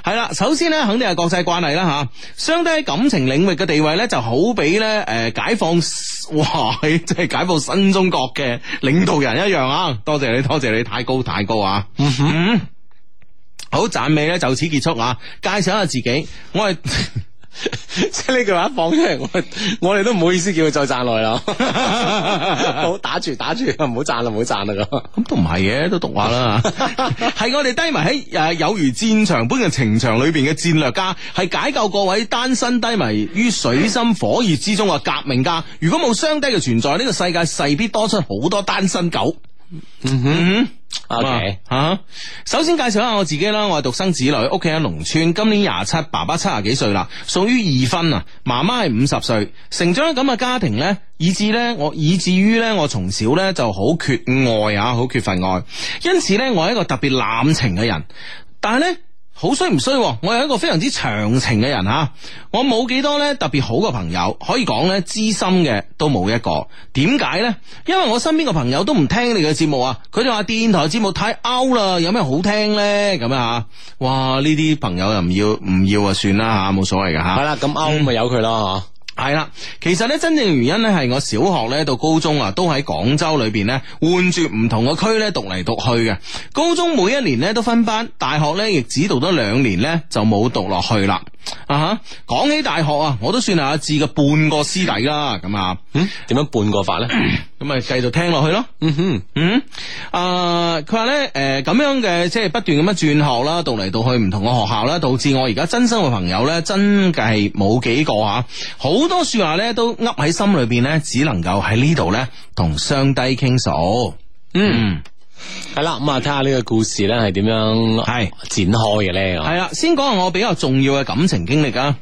係 啦，首先咧，肯定係國際慣例啦吓、啊。相對喺感情領域嘅地位咧，就好比咧，誒、呃，解放哇，即係解放新中國嘅領導人一樣啊！多謝你，多謝你，太高，太高啊！嗯哼，好，讚美咧，就此結束啊！介紹下自己，我係。 即係呢句話一放出嚟，我我哋都唔好意思叫佢再讚耐啦， 好打住，打住，唔好讚啦，唔好讚啦咁。咁都唔係嘅，都讀下啦。係 我哋低迷喺誒，有如戰場般嘅情場裏邊嘅戰略家，係解救各位單身低迷於水深火熱之中嘅革命家。如果冇雙低嘅存在，呢、這個世界勢必多出好多單身狗。嗯哼，哼。O K，吓，Okay. 首先介紹下我自己啦。我係獨生子女，屋企喺農村。今年廿七，爸爸七十幾歲啦，屬於二婚啊。媽媽係五十歲，成長喺咁嘅家庭呢，以至呢我，以至於呢我從小呢就好缺愛啊，好缺乏愛。因此呢，我係一個特別濫情嘅人，但係呢。好衰唔衰？我係一個非常之長情嘅人啊！我冇幾多咧特別好嘅朋友，可以講咧知心嘅都冇一個。點解咧？因為我身邊嘅朋友都唔聽你嘅節目啊！佢哋話電台節目太 out 啦，有咩好聽咧？咁樣吓！哇！呢啲朋友又唔要唔要就啊？算啦吓，冇所謂噶吓。係啦，咁 out 咪由佢咯。係啦，其實咧真正原因咧，係我小學咧到高中啊，都喺廣州裏邊咧換住唔同嘅區咧讀嚟讀去嘅。高中每一年咧都分班，大學咧亦只讀咗兩年咧就冇讀落去啦。啊哈，講起大學啊，我都算係阿志嘅半個師弟啦。咁啊，嗯，點樣半個法咧？ 咁咪繼續聽落去咯，嗯哼，嗯哼，啊、呃，佢話咧，誒、呃，咁樣嘅，即係不斷咁樣轉學啦，到嚟到去唔同嘅學校啦，導致我而家真心嘅朋友咧，真嘅係冇幾個吓，好多話呢說話咧都噏喺心裏邊咧，只能夠喺呢度咧同雙低傾訴，嗯，係啦、嗯，咁啊、嗯，睇下呢個故事咧係點樣係展開嘅咧，係啦，先講下我比較重要嘅感情經歷啊。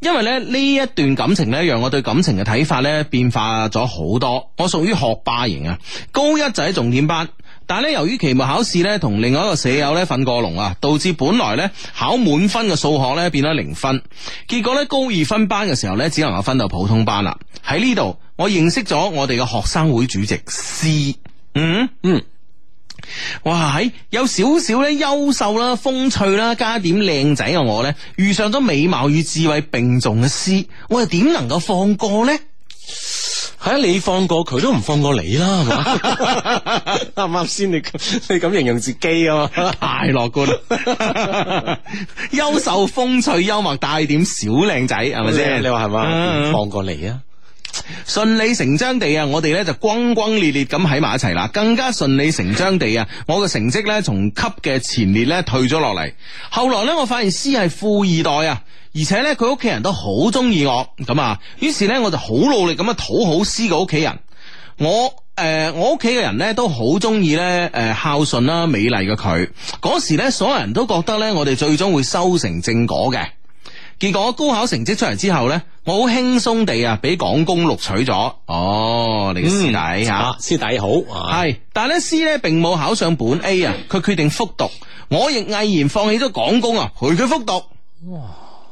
因為咧呢一段感情呢，讓我對感情嘅睇法呢變化咗好多。我屬於學霸型啊，高一就喺重點班，但係咧由於期末考試呢，同另外一個舍友呢瞓過籠啊，導致本來呢考滿分嘅數學呢變咗零分。結果呢，高二分班嘅時候呢，只能夠分到普通班啦。喺呢度我認識咗我哋嘅學生會主席 C、mm。嗯嗯。哇有少少咧優秀啦風趣啦加點靚仔嘅我咧遇上咗美貌與智慧並重嘅詩，我又點能夠放過咧？係、哎、啊你放過佢都唔放過你啦，啱唔啱啱先？你你咁形容自己啊嘛，太樂觀。優秀風趣幽默帶點小靚仔係咪先？像吧你話係嘛？放過你啊！順理成章地啊，我哋呢就轟轟烈烈咁喺埋一齊啦。更加順理成章地啊，我嘅成績呢從級嘅前列呢退咗落嚟。後來呢，我發現師係富二代啊，而且呢，佢屋企人都好中意我咁啊。於是呢，我就好努力咁樣討好師嘅屋企人。我誒、呃，我屋企嘅人呢都好中意呢，誒孝順啦、美麗嘅佢。嗰時呢，所有人都覺得呢，我哋最終會修成正果嘅。結果高考成績出嚟之後呢，我好輕鬆地啊，俾港工錄取咗。哦，你嘅師弟吓、嗯，師弟好係。但係呢，師呢並冇考上本 A 啊，佢決定復讀。我亦毅然放棄咗港工啊，陪佢復讀。哇，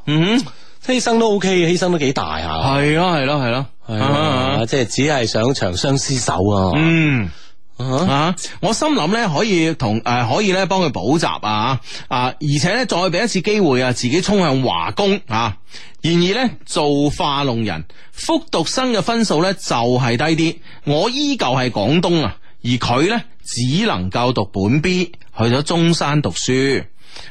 嗯，犧牲都 OK，犧牲都幾大啊。係咯，係咯，係咯，係啊，即係、啊啊啊啊就是、只係想長相廝守啊。嗯。Uh huh. 啊！我心諗咧可以同誒、呃、可以咧幫佢補習啊啊！而且咧再俾一次機會啊，自己衝向華工啊！然而咧造化弄人，復讀生嘅分數咧就係低啲，我依舊係廣東啊，而佢咧只能夠讀本 B 去咗中山讀書。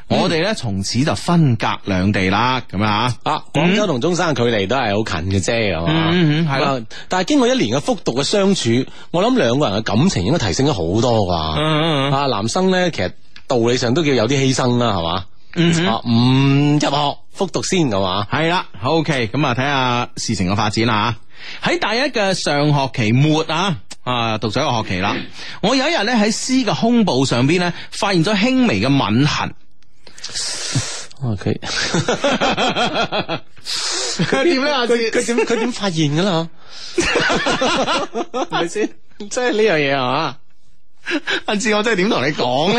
我哋咧從此就分隔兩地啦，咁啊，啊廣州同中山嘅距離都係好近嘅啫，係嘛，係啦。但係經過一年嘅復讀嘅相處，我諗兩個人嘅感情應該提升咗好多啩，啊、嗯嗯、男生咧其實道理上都叫有啲犧牲啦，係嘛，唔、嗯啊、入學復讀先，係嘛，係啦，OK，咁啊睇下事情嘅發展啦，喺大一嘅上學期末啊，啊讀咗一個學期啦，我有一日咧喺詩嘅胸部上邊咧發現咗輕微嘅吻痕。OK 佢佢點啊，佢佢點佢點發現噶啦？係咪先？即係呢樣嘢係嘛？阿志，我真係點同你講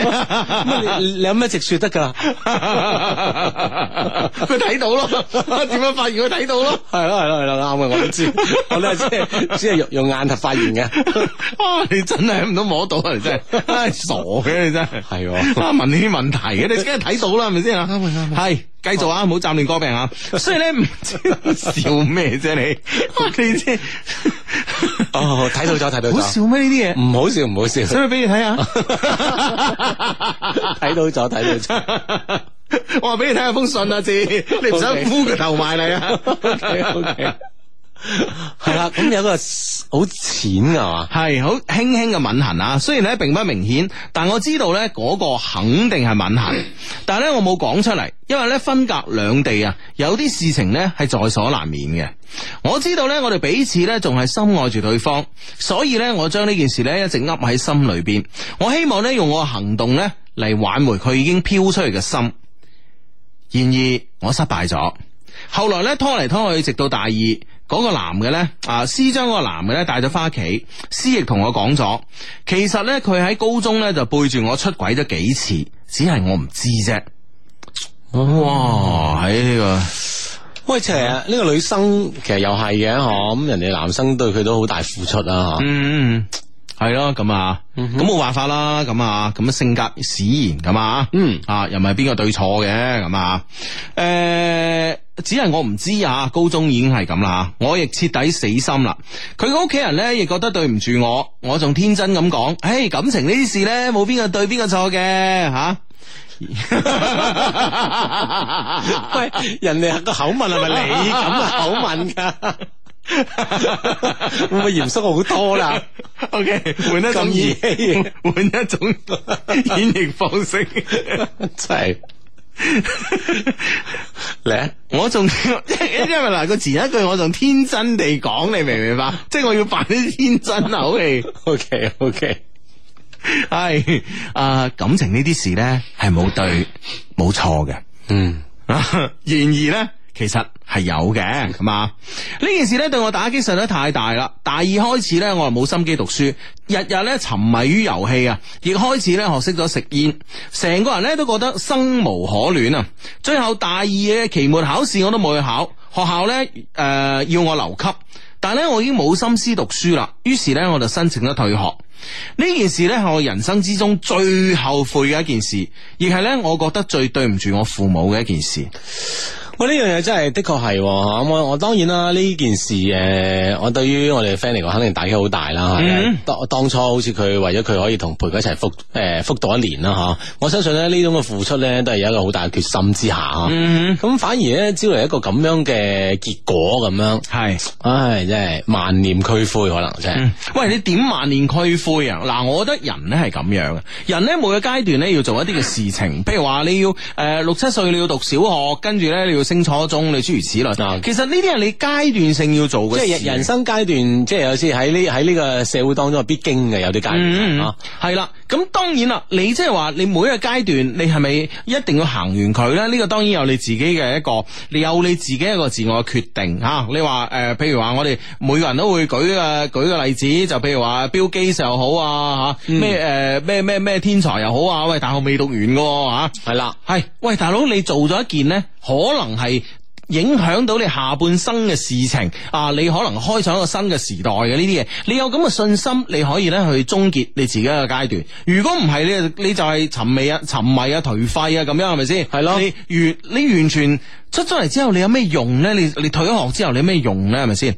咧？你有咩直說得噶？佢 睇 到咯，點樣發現佢睇到咯？係咯，係咯，係咯啱啊，我都知。我咧即係即係用用眼嚟發現嘅。啊， 你真係唔到摸到啊！你真係，傻嘅你真係。係啊，問你啲問題嘅， 你梗係睇到啦，係咪先啊？啱啊啱啊，係。繼續啊，唔好暫亂歌病啊， 所以咧唔知笑咩啫、啊、你，你即係哦睇到咗睇到咗，好笑咩呢啲嘢？唔好笑唔好笑，使唔使俾你睇下？睇 到咗睇到咗，我話俾你睇下封信啊，字 你唔想呼佢頭埋嚟啊？o Okay. k Okay. 係啦，咁有個好淺㗎嘛，係好輕輕嘅吻痕啊。雖然咧並不明顯，但我知道咧嗰個肯定係吻痕， 但係咧我冇講出嚟，因為咧分隔兩地啊，有啲事情咧係在所難免嘅。我知道咧，我哋彼此咧仲係深愛住對方，所以咧我將呢件事咧一直噏喺心裏邊。我希望咧用我行動咧嚟挽回佢已經飄出去嘅心，然而我失敗咗。後來咧拖嚟拖去，直到大二。嗰個男嘅咧，啊，師將個男嘅咧帶咗翻屋企，師亦同我講咗，其實咧佢喺高中咧就背住我出軌咗幾次，只係我唔知啫。哇，喺呢、嗯哎這個，喂，邪，實、這、呢個女生其實又係嘅，嗬，咁人哋男生對佢都好大付出啦，嗬。嗯嗯係咯，咁啊，咁冇辦法啦，咁啊，咁啊性格使然咁啊，嗯，啊又唔係邊個對錯嘅咁啊，誒、呃，只係我唔知啊，高中已經係咁啦，我亦徹底死心啦，佢個屋企人咧亦覺得對唔住我，我仲天真咁講，誒、欸、感情呢啲事咧冇邊個對邊個錯嘅吓，啊、 喂，人哋個口吻係咪你咁嘅口吻噶？ 會唔會嚴肅好多啦？OK，換一種換一種演繹方式，真係嚟，我仲因為嗱，個前一句我仲天真地講，你明唔明白？ 即係我要扮啲天真口氣。OK，OK，係啊，感情呢啲事咧係冇對冇錯嘅。 錯，嗯，然 而咧。其實係有嘅，係嘛？呢件事咧對我打擊實在太大啦！大二開始咧，我又冇心機讀書，日日咧沉迷於遊戲啊，亦開始咧學識咗食煙，成個人咧都覺得生無可戀啊！最後大二嘅期末考試我都冇去考，學校咧誒、呃、要我留級，但係咧我已經冇心思讀書啦。於是呢，我就申請咗退學。呢件事咧係我人生之中最後悔嘅一件事，亦係咧我覺得最對唔住我父母嘅一件事。喂，呢樣嘢真係的確係，我我當然啦，呢件事誒，我對於我哋 friend 嚟講，肯定打擊好大啦。Mm hmm. 當當初好似佢為咗佢可以同裴偉一齊復誒、呃、復讀一年啦，吓，我相信咧呢種嘅付出咧，都係有一個好大嘅決心之下咁、mm hmm. 反而咧招嚟一個咁樣嘅結果咁樣，係、mm，hmm. 唉，真係萬念俱灰可能真、就、啫、是。Mm hmm. 喂，你點萬念俱灰啊？嗱，我覺得人咧係咁樣嘅，人咧每個階段咧要做一啲嘅事情，譬如話你要誒、呃、六七歲你要讀小學，跟住咧你要。清楚中你諸如此類，其實呢啲係你階段性要做嘅，即係人生階段，即係有時喺呢喺呢個社會當中係必經嘅，有啲階段、嗯、啊，係啦。咁當然啦，你即係話你每一個階段，你係咪一定要行完佢咧？呢、這個當然有你自己嘅一個，你有你自己一個自我嘅決定吓、啊。你話誒、呃，譬如話我哋每個人都會舉個舉個例子，就譬如話標機又好啊吓，咩誒咩咩咩天才又好啊，喂，大學未讀完噶吓，係、啊、啦，係的，喂大佬，你做咗一件呢？可能。係影響到你下半生嘅事情啊！你可能開創一個新嘅時代嘅呢啲嘢，你有咁嘅信心，你可以咧去終結你自己嘅階段。如果唔係，你你就係沉迷啊、沉迷啊、頹廢啊咁樣，係咪先？係咯你，你完你完全出咗嚟之後，你有咩用咧？你你退咗學之後，你有咩用咧？係咪先？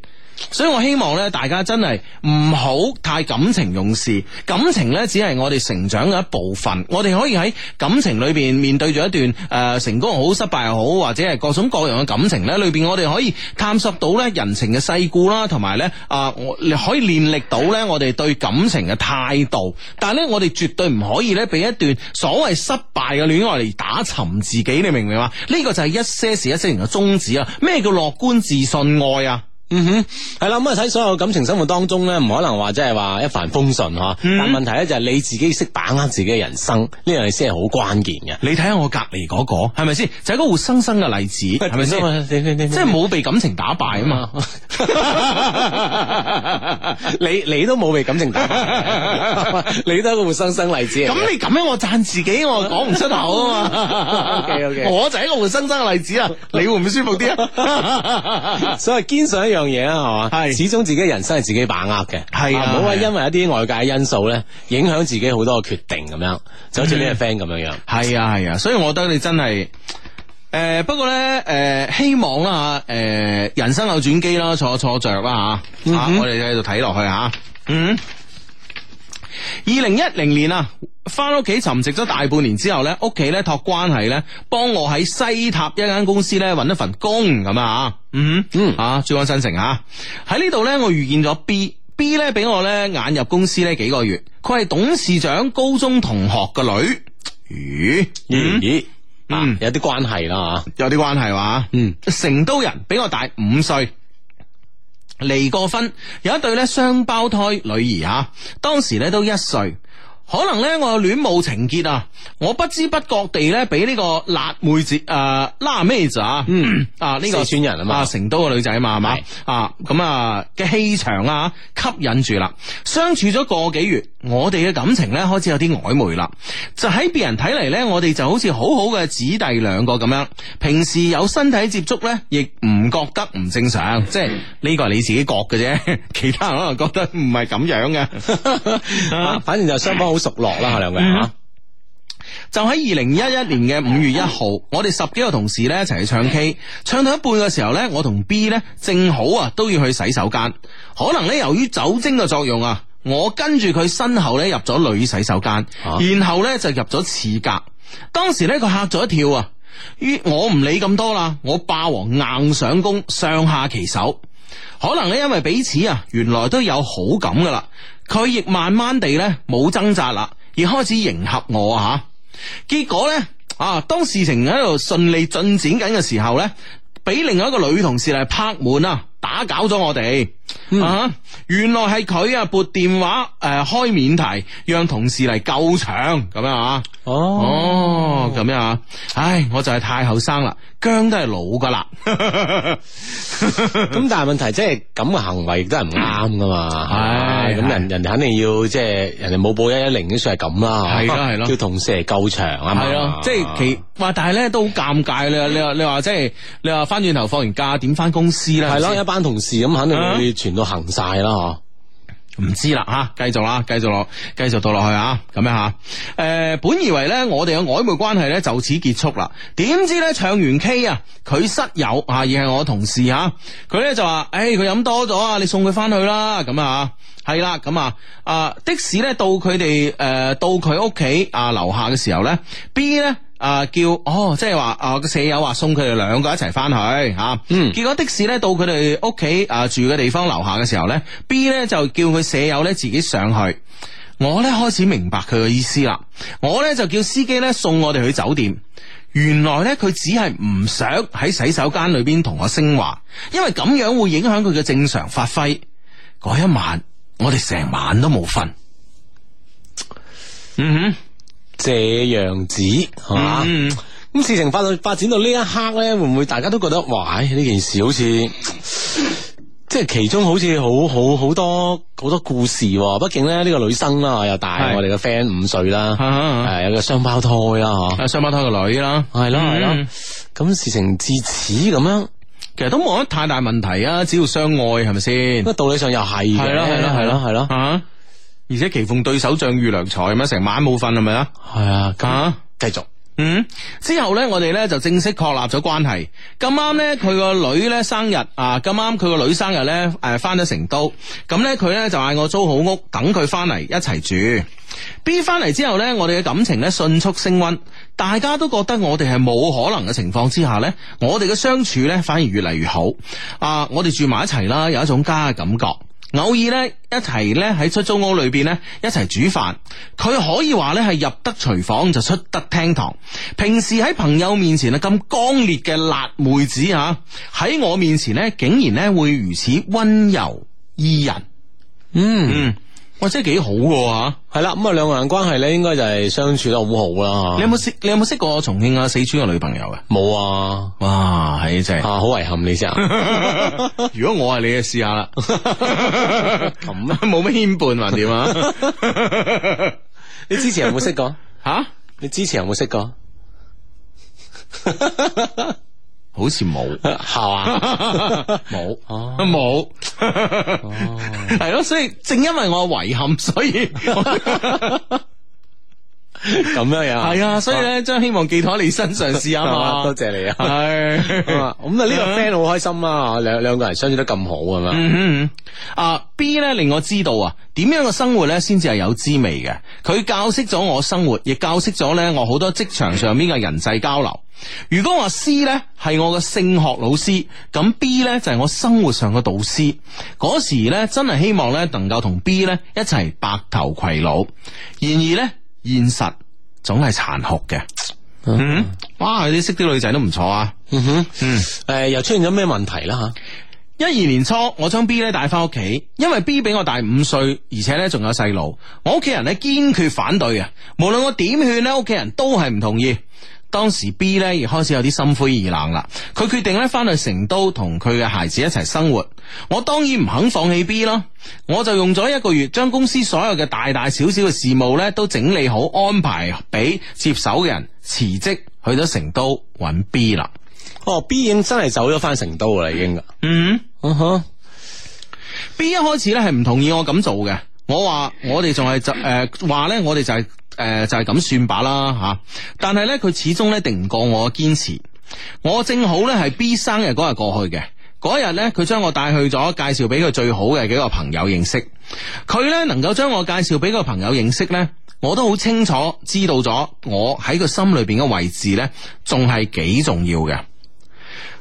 所以我希望咧，大家真係唔好太感情用事。感情咧，只係我哋成長嘅一部分。我哋可以喺感情裏邊面，面對住一段誒、呃、成功又好，失敗又好，或者係各種各樣嘅感情咧，裏邊我哋可以探索到咧人情嘅世故啦，同埋咧啊，可以練歷到咧我哋對感情嘅態度。但係咧，我哋絕對唔可以咧，俾一段所謂失敗嘅戀愛嚟打沉自己。你明唔明啊？呢、呢個就係一些事一些人嘅宗旨啊！咩叫樂觀自信愛啊？嗯哼，係啦咁啊！喺所有感情生活當中咧，唔可能話即係話一帆風順嗬。但係問題咧就係你自己識把握自己嘅人生呢樣嘢先係好關鍵嘅。你睇下我隔籬嗰個係咪先？就係一個活生生嘅例子，係咪先？即係冇被感情打敗啊嘛！你你都冇被感情打敗，你都係一個活生生例子。咁你咁樣我讚自己，我講唔出口啊嘛。O K O K，我就係一個活生生嘅例子啊！你會唔會舒服啲啊？所以堅信一樣。樣嘢啊，係嘛，始終自己人生係自己把握嘅，係啊，唔好話因為一啲外界因素咧，影響自己好多嘅決定咁樣，就好似呢個 friend 咁樣樣，係啊係啊，所以我覺得你真係，誒、呃，不過咧，誒、呃，希望啦誒、呃，人生有轉機啦，坐坐着啦吓，吓、啊嗯哼啊，我哋繼續睇落去吓，啊、嗯。二零一零年啊，返屋企沉寂咗大半年之後呢，屋企呢託關係呢，幫我喺西塔一間公司呢揾一份工咁啊，嗯嗯啊珠江新城啊，喺呢度呢，啊、我遇見咗 B，B 呢俾我呢眼入公司呢幾個月，佢係董事長高中同學嘅女，咦咦、Mm-hmm. 啊有啲關係啦有啲關係哇，嗯成都人，比我大五歲。離過婚，有一對咧雙胞胎女兒，吓當時咧都一歲。可能咧，我有戀母情結啊！我不知不覺地咧，俾呢個辣妹子誒、呃、拉咩子啊？嗯、呃、啊，呢、這個四川人啊嘛，成都嘅女仔、嗯、啊嘛係嘛啊咁啊嘅氣場啊吸引住啦。相處咗個幾月，我哋嘅感情咧開始有啲曖昧啦。就喺別人睇嚟咧，我哋就好似好好嘅姊弟兩個咁樣。平時有身體接觸咧，亦唔覺得唔正常，即係呢個係你自己覺嘅啫。其他人可能覺得唔係咁樣嘅， 反正就雙方好。熟落啦，兩位吓，就喺二零一一年嘅五月一號，我哋十幾個同事咧一齊去唱 K，唱到一半嘅時候呢，我同 B 呢，正好啊都要去洗手間，可能呢，由於酒精嘅作用啊，我跟住佢身後呢入咗女洗手間，然後呢就入咗廁格。當時呢，佢吓咗一跳啊，於我唔理咁多啦，我霸王硬上弓，上下其手，可能呢，因為彼此啊，原來都有好感噶啦。佢亦慢慢地咧冇掙扎啦，而開始迎合我吓。結果咧啊，當事情喺度順利進展緊嘅時候咧，俾另外一個女同事嚟拍門啊，打攪咗我哋。啊！原來係佢啊，撥電話誒，開免提，讓同事嚟救場咁樣啊！哦，咁樣啊！唉，我就係太後生啦，姜都係老噶啦。咁但係問題即係咁嘅行為亦都係唔啱噶嘛？係咁，人人哋肯定要即係人哋冇報一一零，都算係咁啦。係咯係咯，叫同事嚟救場啊嘛。係咯，即係其話，但係咧都好尷尬。你話你話你話，即係你話翻轉頭放完假，點翻公司咧？係咯，一班同事咁肯定會。全都行晒啦，嗬，唔知啦，吓，繼續啦，繼續落，繼續到落去啊，咁樣吓，誒、啊啊，本以為咧，我哋嘅曖昧關係咧就此結束啦，點知咧唱完 K 啊，佢室友啊，而係我同事吓，佢、啊、咧就話，誒、欸，佢飲多咗啊，你送佢翻去、啊、啦，咁啊吓，係啦，咁啊，啊，的士咧到佢哋誒，到佢屋企啊樓、啊、下嘅時候咧，B 咧。啊、呃！叫哦，即係話、呃、啊，個舍友話送佢哋兩個一齊翻去吓，嗯，結果的士咧到佢哋屋企啊住嘅地方樓下嘅時候呢 B 呢就叫佢舍友呢自己上去，我呢開始明白佢嘅意思啦，我呢就叫司機呢送我哋去酒店，原來呢，佢只係唔想喺洗手間裏邊同我升華，因為咁樣會影響佢嘅正常發揮。嗰一晚，我哋成晚都冇瞓。嗯哼。這樣子係嘛？咁事情發到發展到呢一刻咧，會唔會大家都覺得哇？唉，呢件事好似即係其中好似好好好多好多故事。畢竟咧，呢個女生啦又大我哋嘅 friend 五歲啦，係有個雙胞胎啦，嗬，雙胞胎嘅女啦，係咯，係咯。咁事情至此咁樣，其實都冇乜太大問題啊。只要相愛係咪先？咁道理上又係嘅，咯，係咯，係咯，係咯。而且棋逢對手，將遇良才，咁啊，成晚冇瞓係咪啊？係啊，咁繼續。嗯，之後咧，我哋咧就正式確立咗關係。咁啱咧，佢個女咧生日啊，咁啱佢個女生日咧，誒、呃，翻咗成都。咁咧，佢咧就嗌我租好屋等佢翻嚟一齊住。B 翻嚟之後咧，我哋嘅感情咧迅速升溫，大家都覺得我哋係冇可能嘅情況之下咧，我哋嘅相處咧反而越嚟越好。啊，我哋住埋一齊啦，有一種家嘅感覺。偶爾咧一齊咧喺出租屋裏邊咧一齊煮飯，佢可以話咧係入得廚房就出得廳堂。平時喺朋友面前啊咁剛烈嘅辣妹子啊，喺我面前咧竟然咧會如此溫柔依人，嗯。嗯哇，真係幾好嘅，吓？係、啊、啦，咁啊兩個人關係咧，應該就係相處得好好啦。你有冇識？你有冇識過重慶啊、四川嘅女朋友嘅？冇啊，哇，係真係啊，好遺憾你真。 如果我係你，就試下啦。咁 啊， 冇乜牽絆還點啊？你之前有冇識過？吓、啊？你之前有冇識過？ 好似冇係嘛，冇哦，冇係咯，所以正因為我遺憾，所以咁樣樣係啊，所以咧將希望寄託喺你身上試下嘛，多謝你啊，係咁啊，呢個 friend 好開心啊，兩兩個人相處得咁好啊嘛，啊 B 咧令我知道啊，點樣嘅生活咧先至係有滋味嘅，佢教識咗我生活，亦教識咗咧我好多職場上面嘅人際交流。如果我話 C 呢係我嘅性學老師，咁 B 呢就係、是、我生活上嘅導師。嗰時呢真係希望呢能夠同 B 呢一齊白頭偕老。然而呢，現實總係殘酷嘅。Uh huh. 嗯，哇，你識啲女仔都唔錯啊。嗯哼、uh，huh. 嗯，誒、呃，又出現咗咩問題啦？吓，一二年初我將 B 呢帶翻屋企，因為 B 比我大五歲，而且呢仲有細路。我屋企人呢堅決反對啊，無論我點勸呢屋企人都係唔同意。當時 B 咧亦開始有啲心灰意冷啦，佢決定咧翻去成都同佢嘅孩子一齊生活。我當然唔肯放棄 B 咯，我就用咗一個月將公司所有嘅大大小小嘅事務咧都整理好，安排俾接手嘅人辭職去咗成都搵 B 啦。哦，B 已經真係走咗翻成都啦，已經噶。嗯、mm，嗯、hmm. 哼、uh。Huh. B 一開始咧係唔同意我咁做嘅，我話我哋仲係就誒話咧，呃、我哋就係、是。誒、呃，就係、是、咁算吧啦吓、啊，但係呢，佢始終呢，定唔過我堅持。我正好呢，係 B 生日嗰日過去嘅，嗰日呢，佢將我帶去咗，介紹俾佢最好嘅幾個朋友認識。佢呢，能夠將我介紹俾個朋友認識呢，我都好清楚知道咗我喺佢心裏邊嘅位置呢，仲係幾重要嘅。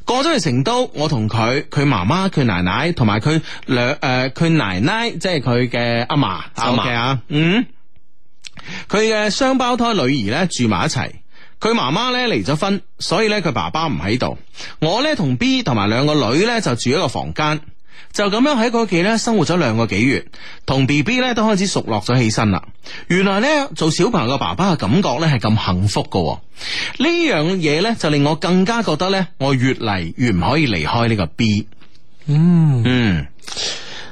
過咗去成都，我同佢佢媽媽佢奶奶同埋佢兩誒佢奶奶，即係佢嘅阿嫲，阿嫲媽嗯。佢嘅雙胞胎女兒咧住埋一齊，佢媽媽咧離咗婚，所以咧佢爸爸唔喺度。我咧同 B 同埋兩個女咧就住一個房間，就咁樣喺嗰期咧生活咗兩個幾月，同 B B 咧都開始熟絡咗起身啦。原來咧做小朋友嘅爸爸嘅感覺咧係咁幸福㗎，呢樣嘢咧就令我更加覺得咧我越嚟越唔可以離開呢個 B。嗯嗯。嗯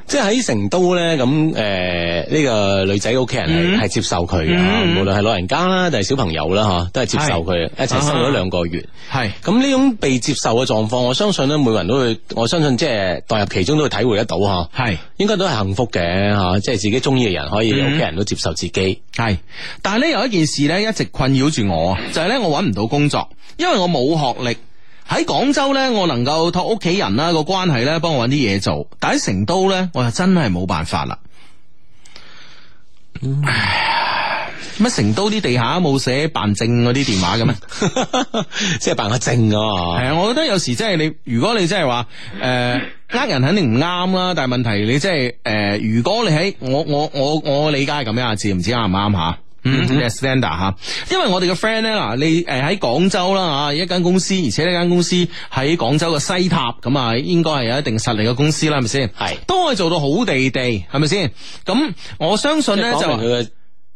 即係喺成都呢，咁誒呢個女仔屋企人係、嗯、接受佢嘅，嗯、無論係老人家啦，定係小朋友啦，吓都係接受佢，是一齊生活咗兩個月。係咁呢種被接受嘅狀況，是我相信咧，每人都會，我相信即係代入其中都會體會得到吓。係是應該都係幸福嘅吓，即係自己中意嘅人可以屋企、嗯、人都接受自己。係，但係呢，有一件事呢一直困擾住我，就係呢：我搵唔到工作，因為我冇學歷。喺廣州咧，我能夠託屋企人啦個關係咧，幫我搵啲嘢做。但喺成都咧，我又真係冇辦法啦。乜、嗯、成都啲地下冇寫辦證嗰啲電話嘅咩？即係辦個證啊！係啊、欸，我覺得有時即係你，如果你即係話誒，呃人肯定唔啱啦。但係問題你即係誒，如果你喺我我我我理解係咁樣，知唔知啱唔啱吓？standard 吓，因為我哋嘅 friend 咧，嗱，你誒喺廣州啦吓，一間公司，而且呢間公司喺廣州嘅西塔，咁啊，應該係有一定實力嘅公司啦，係咪先？係是，都可以做到好地地，係咪先？咁我相信咧就佢嘅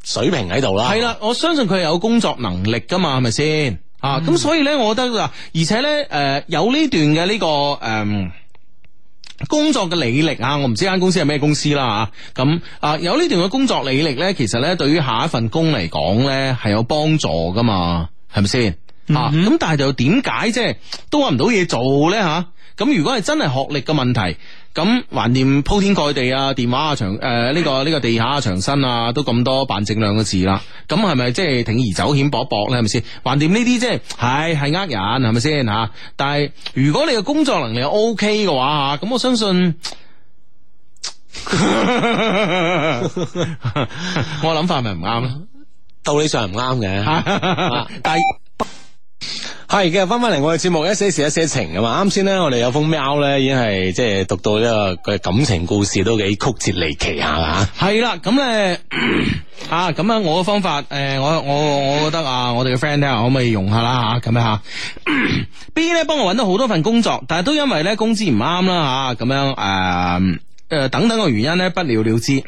水平喺度啦。係啦，我相信佢有工作能力噶嘛，係咪先？啊、嗯，咁所以咧，我覺得嗱，而且咧，誒、呃，有呢段嘅呢、這個誒。呃工作嘅履歷啊，我唔知間公司係咩公司啦吓，咁啊有呢段嘅工作履歷咧，其實咧對於下一份工嚟講咧係有幫助噶嘛，係咪先啊？咁但係就點解即係都揾唔到嘢做咧吓？啊咁如果係真係學歷嘅問題，咁橫掂鋪天蓋地啊，電話啊，牆誒呢、呃呢個呢、呢個地下啊，牆身啊，都咁多辦證兩個字啦，咁係咪即係鋌而走險搏一搏咧？係咪先？橫掂呢啲即係係係呃人係咪先吓？但係如果你嘅工作能力 OK 嘅話，咁我相信， 我諗法係咪唔啱咧？ 道理上係唔啱嘅，但係。係，今日翻翻嚟我哋節目一些事一些情啊嘛！啱先咧，我哋有封喵咧，已經係即係讀到一個嘅感情故事，都幾曲折離奇下啦吓。係啦，咁咧 啊，咁、呃、啊，我嘅方法誒，我我我覺得啊，我哋嘅 friend 咧，可唔可以用下啦吓，咁啊吓、啊。 B 咧幫我搵到好多份工作，但係都因為咧工資唔啱啦吓，咁、啊、樣誒誒、啊呃呃、等等嘅原因咧不了了了之。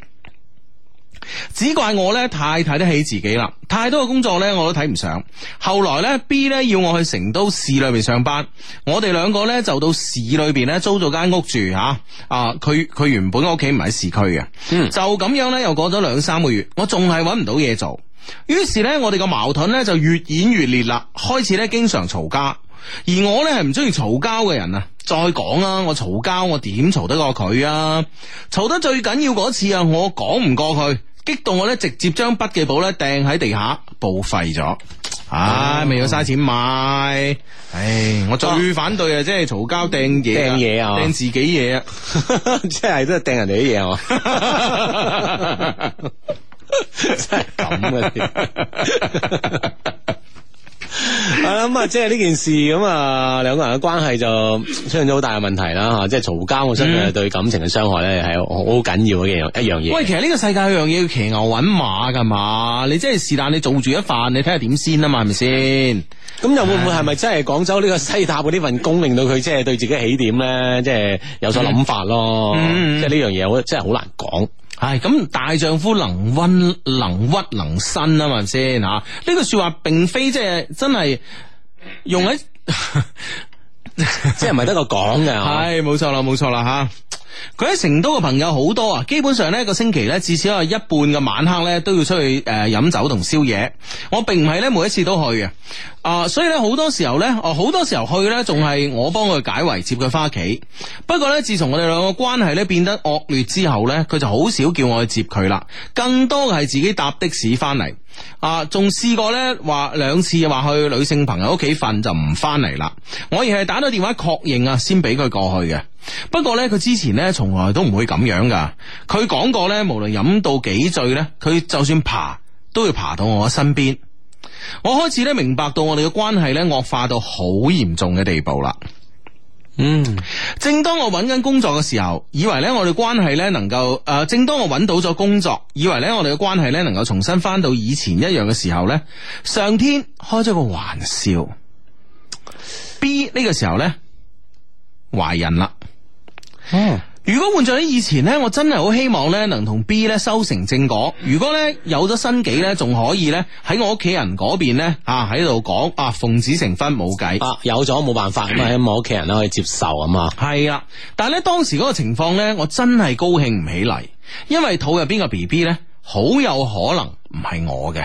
只怪我咧太睇得起自己啦，太多嘅工作咧我都睇唔上。後來咧 B 咧要我去成都市裏邊上班，我哋兩個咧就到市裏邊咧租咗間屋住吓。啊，佢佢原本屋企唔喺市區嘅，嗯、就咁樣咧又過咗兩三個月，我仲係揾唔到嘢做。於是咧我哋個矛盾咧就越演越烈啦，開始咧經常嘈交。而我咧係唔中意嘈交嘅人啊，再講啦，我嘈交我點嘈得過佢啊？嘈得最緊要嗰次啊，我講唔過佢、啊。激動我咧，直接將筆記簿咧掟喺地下，報廢咗。唉、啊，未有嘥錢買。唉，我最反對啊，即係嘈交掟嘢，掟嘢啊，掟自己嘢啊，即係都係掟人哋啲嘢啊。 真係咁啊！ 係啦，咁即係呢件事，咁啊兩個人嘅關係就出現咗好大嘅問題啦，吓即係嘈交，我相信對感情嘅傷害咧係好緊要嘅一樣一樣嘢。嗯、喂，其實呢個世界有樣嘢要騎牛搵馬噶嘛？你即係是但，你做住一份，你睇下點先啊嘛？係咪先？咁是又會唔會係咪真係廣州呢個西塔嘅呢份工，令到佢即係對自己起點咧，即、就、係、是、有所諗法咯？是嗯、即係呢樣嘢，我真係好難講。係咁，哎、大丈夫能溫能屈能伸啊？嘛，先吓呢句說話，並非、即係、 即係真係用喺，即係唔係得個講嘅。係冇錯啦，冇錯啦吓。佢喺成都嘅朋友好多啊，基本上呢個星期呢，至少係一半嘅晚黑呢，都要出去誒呃、飲酒同宵夜。我並唔係呢每一次都去嘅。啊、呃，所以呢，好多時候呢，啊、呃、好多時候去呢，仲係我幫佢解圍，接佢翻屋企。不過呢，自從我哋兩個關係呢變得惡劣之後呢，佢就好少叫我去接佢啦。更多係自己搭的士翻嚟。啊、呃，仲試過呢話兩次話去女性朋友屋企瞓就唔翻嚟啦。我而係打咗電話確認啊，先俾佢過去嘅。不過咧，佢之前咧從來都唔會咁樣噶。佢講過咧，無論飲到幾醉咧，佢就算爬都要爬到我身邊。我開始咧明白到我哋嘅關係咧惡化到好嚴重嘅地步啦。嗯，正當我揾緊工作嘅時候，以為咧我哋關係咧能夠誒、呃，正當我揾到咗工作，以為咧我哋嘅關係咧能夠重新翻到以前一樣嘅時候咧，上天開咗個玩笑。B 呢個時候咧懷孕啦。哦，如果換作喺以前呢，我真係好希望呢，能同 B 咧修成正果。如果呢，啊啊啊，有咗新紀呢，仲可以呢，喺我屋企人嗰邊呢，啊喺度講啊，奉子成婚冇計啊，有咗冇辦法咁，啊，希望屋企人可以接受啊嘛。係啦，但係呢，當時嗰個情況呢，我真係高興唔起嚟，因為肚入邊個 B B 呢，好有可能唔係我嘅。誒、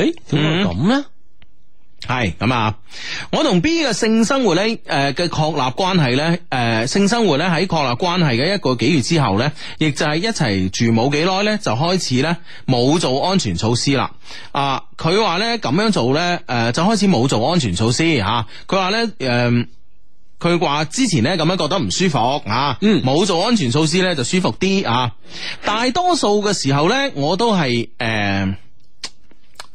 欸，點解會咁呢？嗯係咁啊！我同 B 嘅性生活咧，誒嘅確立關係咧，誒、呃、性生活咧喺確立關係嘅一個幾月之後咧，亦就係一齊住冇幾耐咧，就開始咧冇做安全措施啦。啊，佢話咧咁樣做咧，誒、呃、就開始冇做安全措施吓。佢話咧，誒佢話之前咧咁樣覺得唔舒服啊，嗯，冇做安全措施咧就舒服啲啊。大多數嘅時候咧，我都係誒。呃你噠噠噠噠噠噠噠噠噠噠噠噠噠噠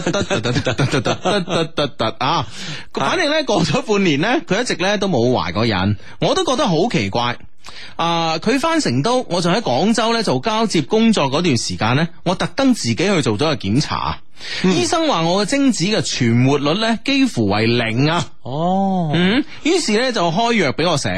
噠噠噠噠噠啊！反正咧過咗半年咧，佢一直咧都冇懷過孕，我都覺得好奇怪啊！佢翻，成都，我就喺廣州咧做交接工作嗰段時間咧，我特登自己去做咗個檢查，嗯、醫生話我嘅精子嘅存活率咧幾乎為零啊！哦，嗯，於是咧就開藥俾我食。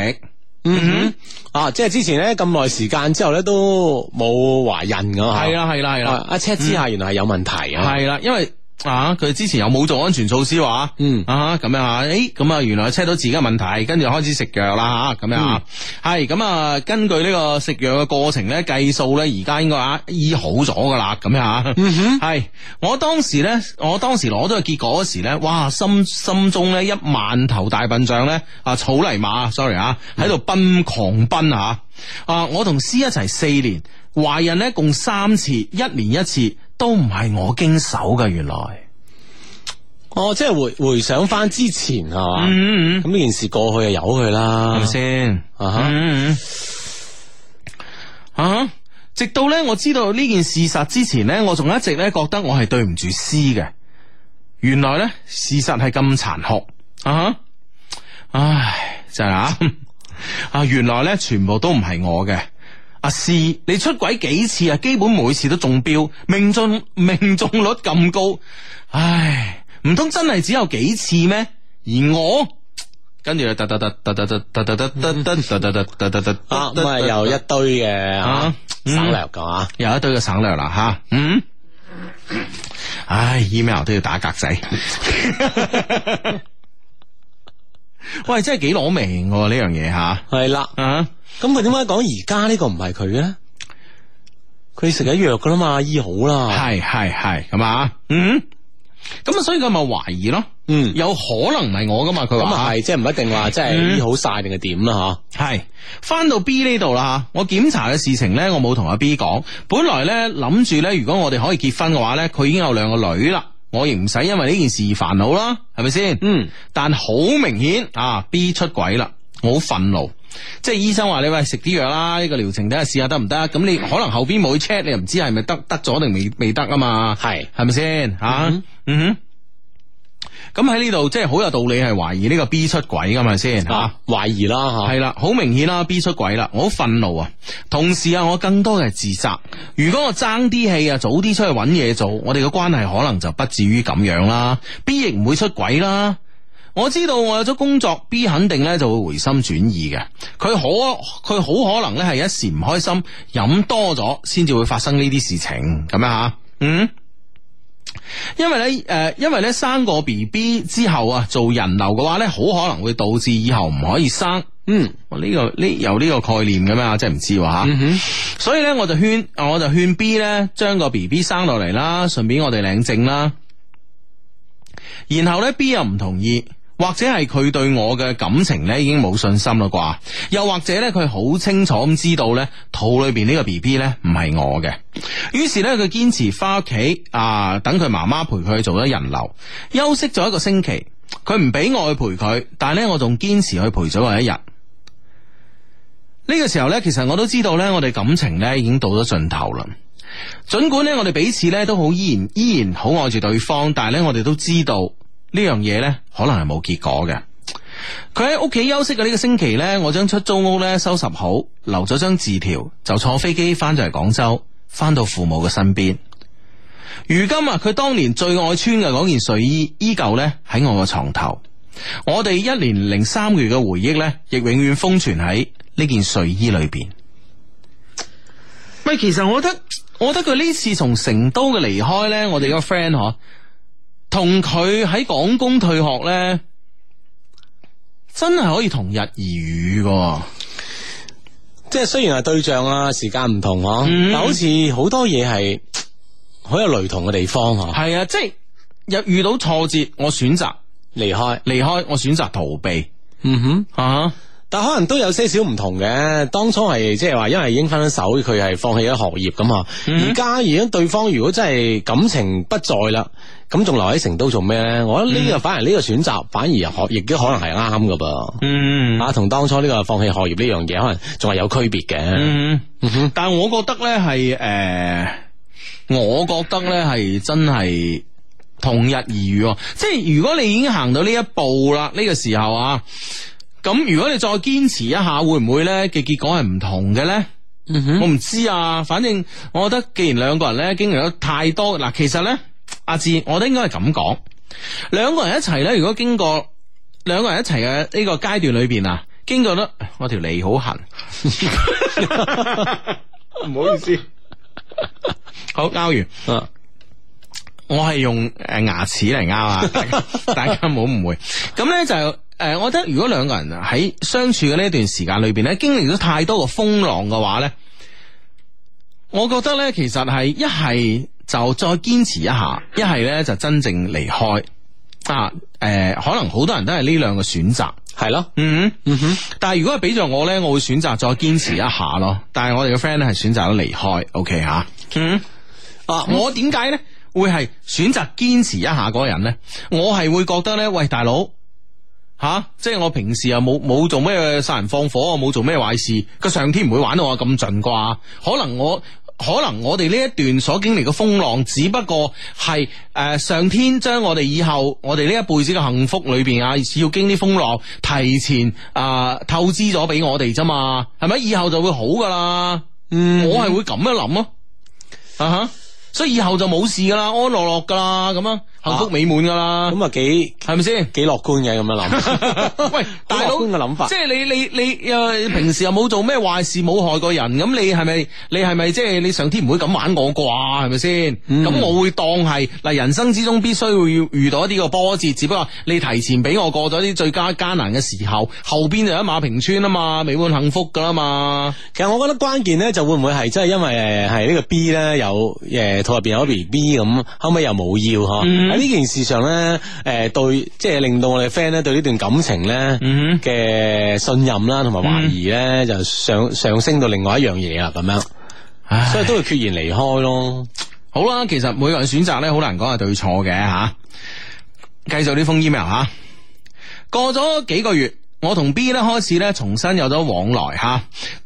嗯哼，mm hmm. 啊，即係之前咧咁耐時間之後咧都冇懷孕噶吓，係啦係啦係啦，阿 check、啊、之下原來係有問題啊，係啦，因為。啊！佢之前又冇做安全措施話，嗯，啊咁樣啊，誒，咁、欸、啊，原來查到自己嘅問題，跟住開始食藥啦吓，咁樣啊，係咁啊，根據呢個食藥嘅過程咧，計數咧，而家應該啊醫好咗噶啦，咁樣啊，嗯哼，係我當時咧，我當時攞到個結果嗰時咧，哇，心心中咧一萬頭大笨象咧啊草泥馬，sorry 啊，喺度奔狂奔啊，嗯、啊，我同 C 一齊四年懷孕咧，共三次，一年一次。都唔係我經手嘅，原來哦，即係回回想翻之前係嘛，咁、嗯嗯嗯、呢件事過去就由佢啦，係咪先啊哈嗯嗯？啊，直到咧我知道呢件事實之前咧，我仲一直咧覺得我係對唔住詩嘅。原來咧事實係咁殘酷啊！唉，就係、是、啊！啊， 原來咧全部都唔係我嘅。阿詩，你出軌幾次啊？基本每次都中標，命中命中率咁高，唉，唔通真係只有幾次咩？而我跟住又噠噠噠噠噠噠噠噠噠噠噠噠又一堆嘅省略㗎嘛，又一堆嘅省略啦，吓，嗯，唉，email 都要打格仔，喂，真係幾攞命呢樣嘢吓，係啦，啊。咁佢點解講而家呢個唔係佢嘅咧？佢食緊藥噶啦嘛，醫好啦。係係係，係嘛，啊？嗯，咁啊，所以佢咪懷疑咯。嗯，有可能唔係我噶嘛？佢話係，即係唔一定話即係醫好晒定係點啦吓。係翻到 B 呢度啦吓，我檢查嘅事情咧，我冇同阿 B 講。本來咧諗住咧，如果我哋可以結婚嘅話咧，佢已經有兩個女啦，我亦唔使因為呢件事而煩惱啦，係咪先？嗯，但好明顯啊，B 出軌啦，我好憤怒。即係醫生話你喂食啲藥啦，呢、這個療程睇下試下得唔得？咁你可能後邊冇去 check，你又唔知係咪得得咗定未未得啊嘛？係係咪先吓？吧嗯哼，咁喺呢度即係好有道理係懷疑呢個 B 出軌噶嘛先吓？懷、啊啊、疑啦吓，係、啊、啦，好明顯啦、啊、，B 出軌啦，我好憤怒啊！同時啊，我更多嘅係自責。如果我爭啲氣啊，早啲出去揾嘢做，我哋嘅關係可能就不至於咁樣啦。嗯、B 亦唔會出軌啦。我知道我有咗工作，B 肯定咧就會回心轉意嘅。佢可佢好可能咧係一時唔開心，飲多咗先至會發生呢啲事情咁樣吓。嗯，因為咧誒、呃，因為咧生個 B B 之後啊，做人流嘅話咧，好可能會導致以後唔可以生。嗯，呢、這個呢、這個、有呢個概念嘅咩？即係唔知話吓、啊。嗯、哼所以咧，我就勸我就勸 B 咧，將個 B B 生落嚟啦，順便我哋領證啦。然後咧，B 又唔同意。或者係佢對我嘅感情呢，已經冇信心啦啩。又或者呢，佢好清楚咁知道呢，肚裏邊呢個 B B 呢唔係我嘅。於是呢，佢堅持返屋企啊，等佢媽媽陪佢去做咗人流，休息咗一個星期。佢唔俾我去陪佢，但係呢，我仲堅持去陪咗我一日。呢、這個時候呢，其實我都知道呢，我哋感情呢已經到咗盡頭啦。儘管呢，我哋彼此呢都好依然依然好愛住對方，但係呢，我哋都知道。呢樣嘢呢，可能係冇結果嘅。佢喺屋企休息嘅呢個星期呢，我將出租屋呢收拾好，留咗張字條,就坐飛機翻咗嚟廣州，翻到父母嘅身邊。如今啊，佢當年最愛穿嘅嗰件睡衣，依舊呢喺我嘅床頭。我哋一年零三個月嘅回憶呢，亦永遠封存喺呢件睡衣裏邊。喂，其實我覺得，我覺得佢呢次從成都嘅離開呢，我哋個 friend 嗬。同佢喺廣工退學呢，真係可以同日而語噶，即係雖然係對象啊、時間唔同嗬，嗯、但好似好多嘢係好有雷同嘅地方嗬。係啊，即係遇到挫折，我選擇離開，離開我選擇逃避。嗯哼啊。哈哈但可能都有些少唔同嘅，當初係即係話，因為已經分咗手，佢係放棄咗學業咁啊。而家而家對方如果真係感情不在啦，咁仲留喺成都做咩呢？我覺得呢個反而呢個選擇，mm hmm. 反而學業都可能係啱噶噃。嗯、mm，啊，同當初呢個放棄學業呢樣嘢，可能仲係有區別嘅。Mm hmm. 但係我覺得呢係誒，我覺得呢係真係同日而語哦。即係如果你已經行到呢一步啦，呢、這個時候啊。咁如果你再堅持一下，會唔會咧嘅結果係唔同嘅咧？嗯、哼我唔知啊，反正我覺得，既然兩個人咧經歷咗太多，嗱，其實咧，阿志，我都應該係咁講，兩個人一齊咧，如果經過兩個人一齊嘅呢個階段裏邊啊，經過得我條脷好痕，唔 好意思， 好拗完， 我係用誒牙齒嚟拗啊，大家唔好誤會，咁咧就。誒、呃，我覺得如果兩個人喺相處嘅呢段時間裏邊咧，經歷咗太多個風浪嘅話呢，我覺得呢，其實係一係就再堅持一下，一係呢就真正離開啊。誒、呃，可能好多人都係呢兩個選擇，係咯。嗯。嗯哼，但係如果係俾咗我呢，我會選擇再堅持一下咯。但係我哋嘅 friend 咧係選擇咗離開。O K 吓。嗯哼。啊，我點解呢會係選擇堅持一下嗰個人呢？我係會覺得呢：「喂，大佬。吓、啊，即係我平時又冇冇做咩殺人放火啊，冇做咩壞事，個上天唔會玩到我咁盡啩？可能我，可能我哋呢一段所經歷嘅風浪，只不過係誒、呃、上天將我哋以後我哋呢一輩子嘅幸福裏邊啊，要經啲風浪，提前啊、呃、透支咗俾我哋啫嘛，係咪？以後就會好噶啦，嗯，我係會咁樣諗咯，啊哈、 uh，huh? 所以以後就冇事噶啦，安安樂樂噶啦，咁啊。幸福美滿噶啦，咁啊，幾係咪先？幾樂觀嘅咁樣諗 喂？樂觀嘅諗法，即係、就是、你你你誒、呃，平時又冇做咩壞事，冇害過人，咁你係咪你係咪即係你上天唔會咁玩我啩？係咪先？咁、嗯、我會當係嗱，人生之中必須會遇到一啲個波折，只不過你提前俾我過咗啲最加艱難嘅時候，後邊就一馬平川啊嘛，美滿幸福噶啦嘛。其實我覺得關鍵咧，就會唔會係即係因為誒係呢個 B 咧有誒、欸、肚入邊有一個 B B 咁，後尾又冇要嗬？嗯喺呢 件事上呢，誒，對，即係令到我哋 friend 咧，對呢段感情呢嘅信任啦，同埋懷疑呢，就上上升到另外一樣嘢啦，咁樣，唉所以都會決然離開咯。好啦，其實每個人選擇呢，好難講係對錯嘅吓。繼續呢封 email 吓、啊，過咗幾個月，我同 B 呢開始呢重新有咗往來吓、啊，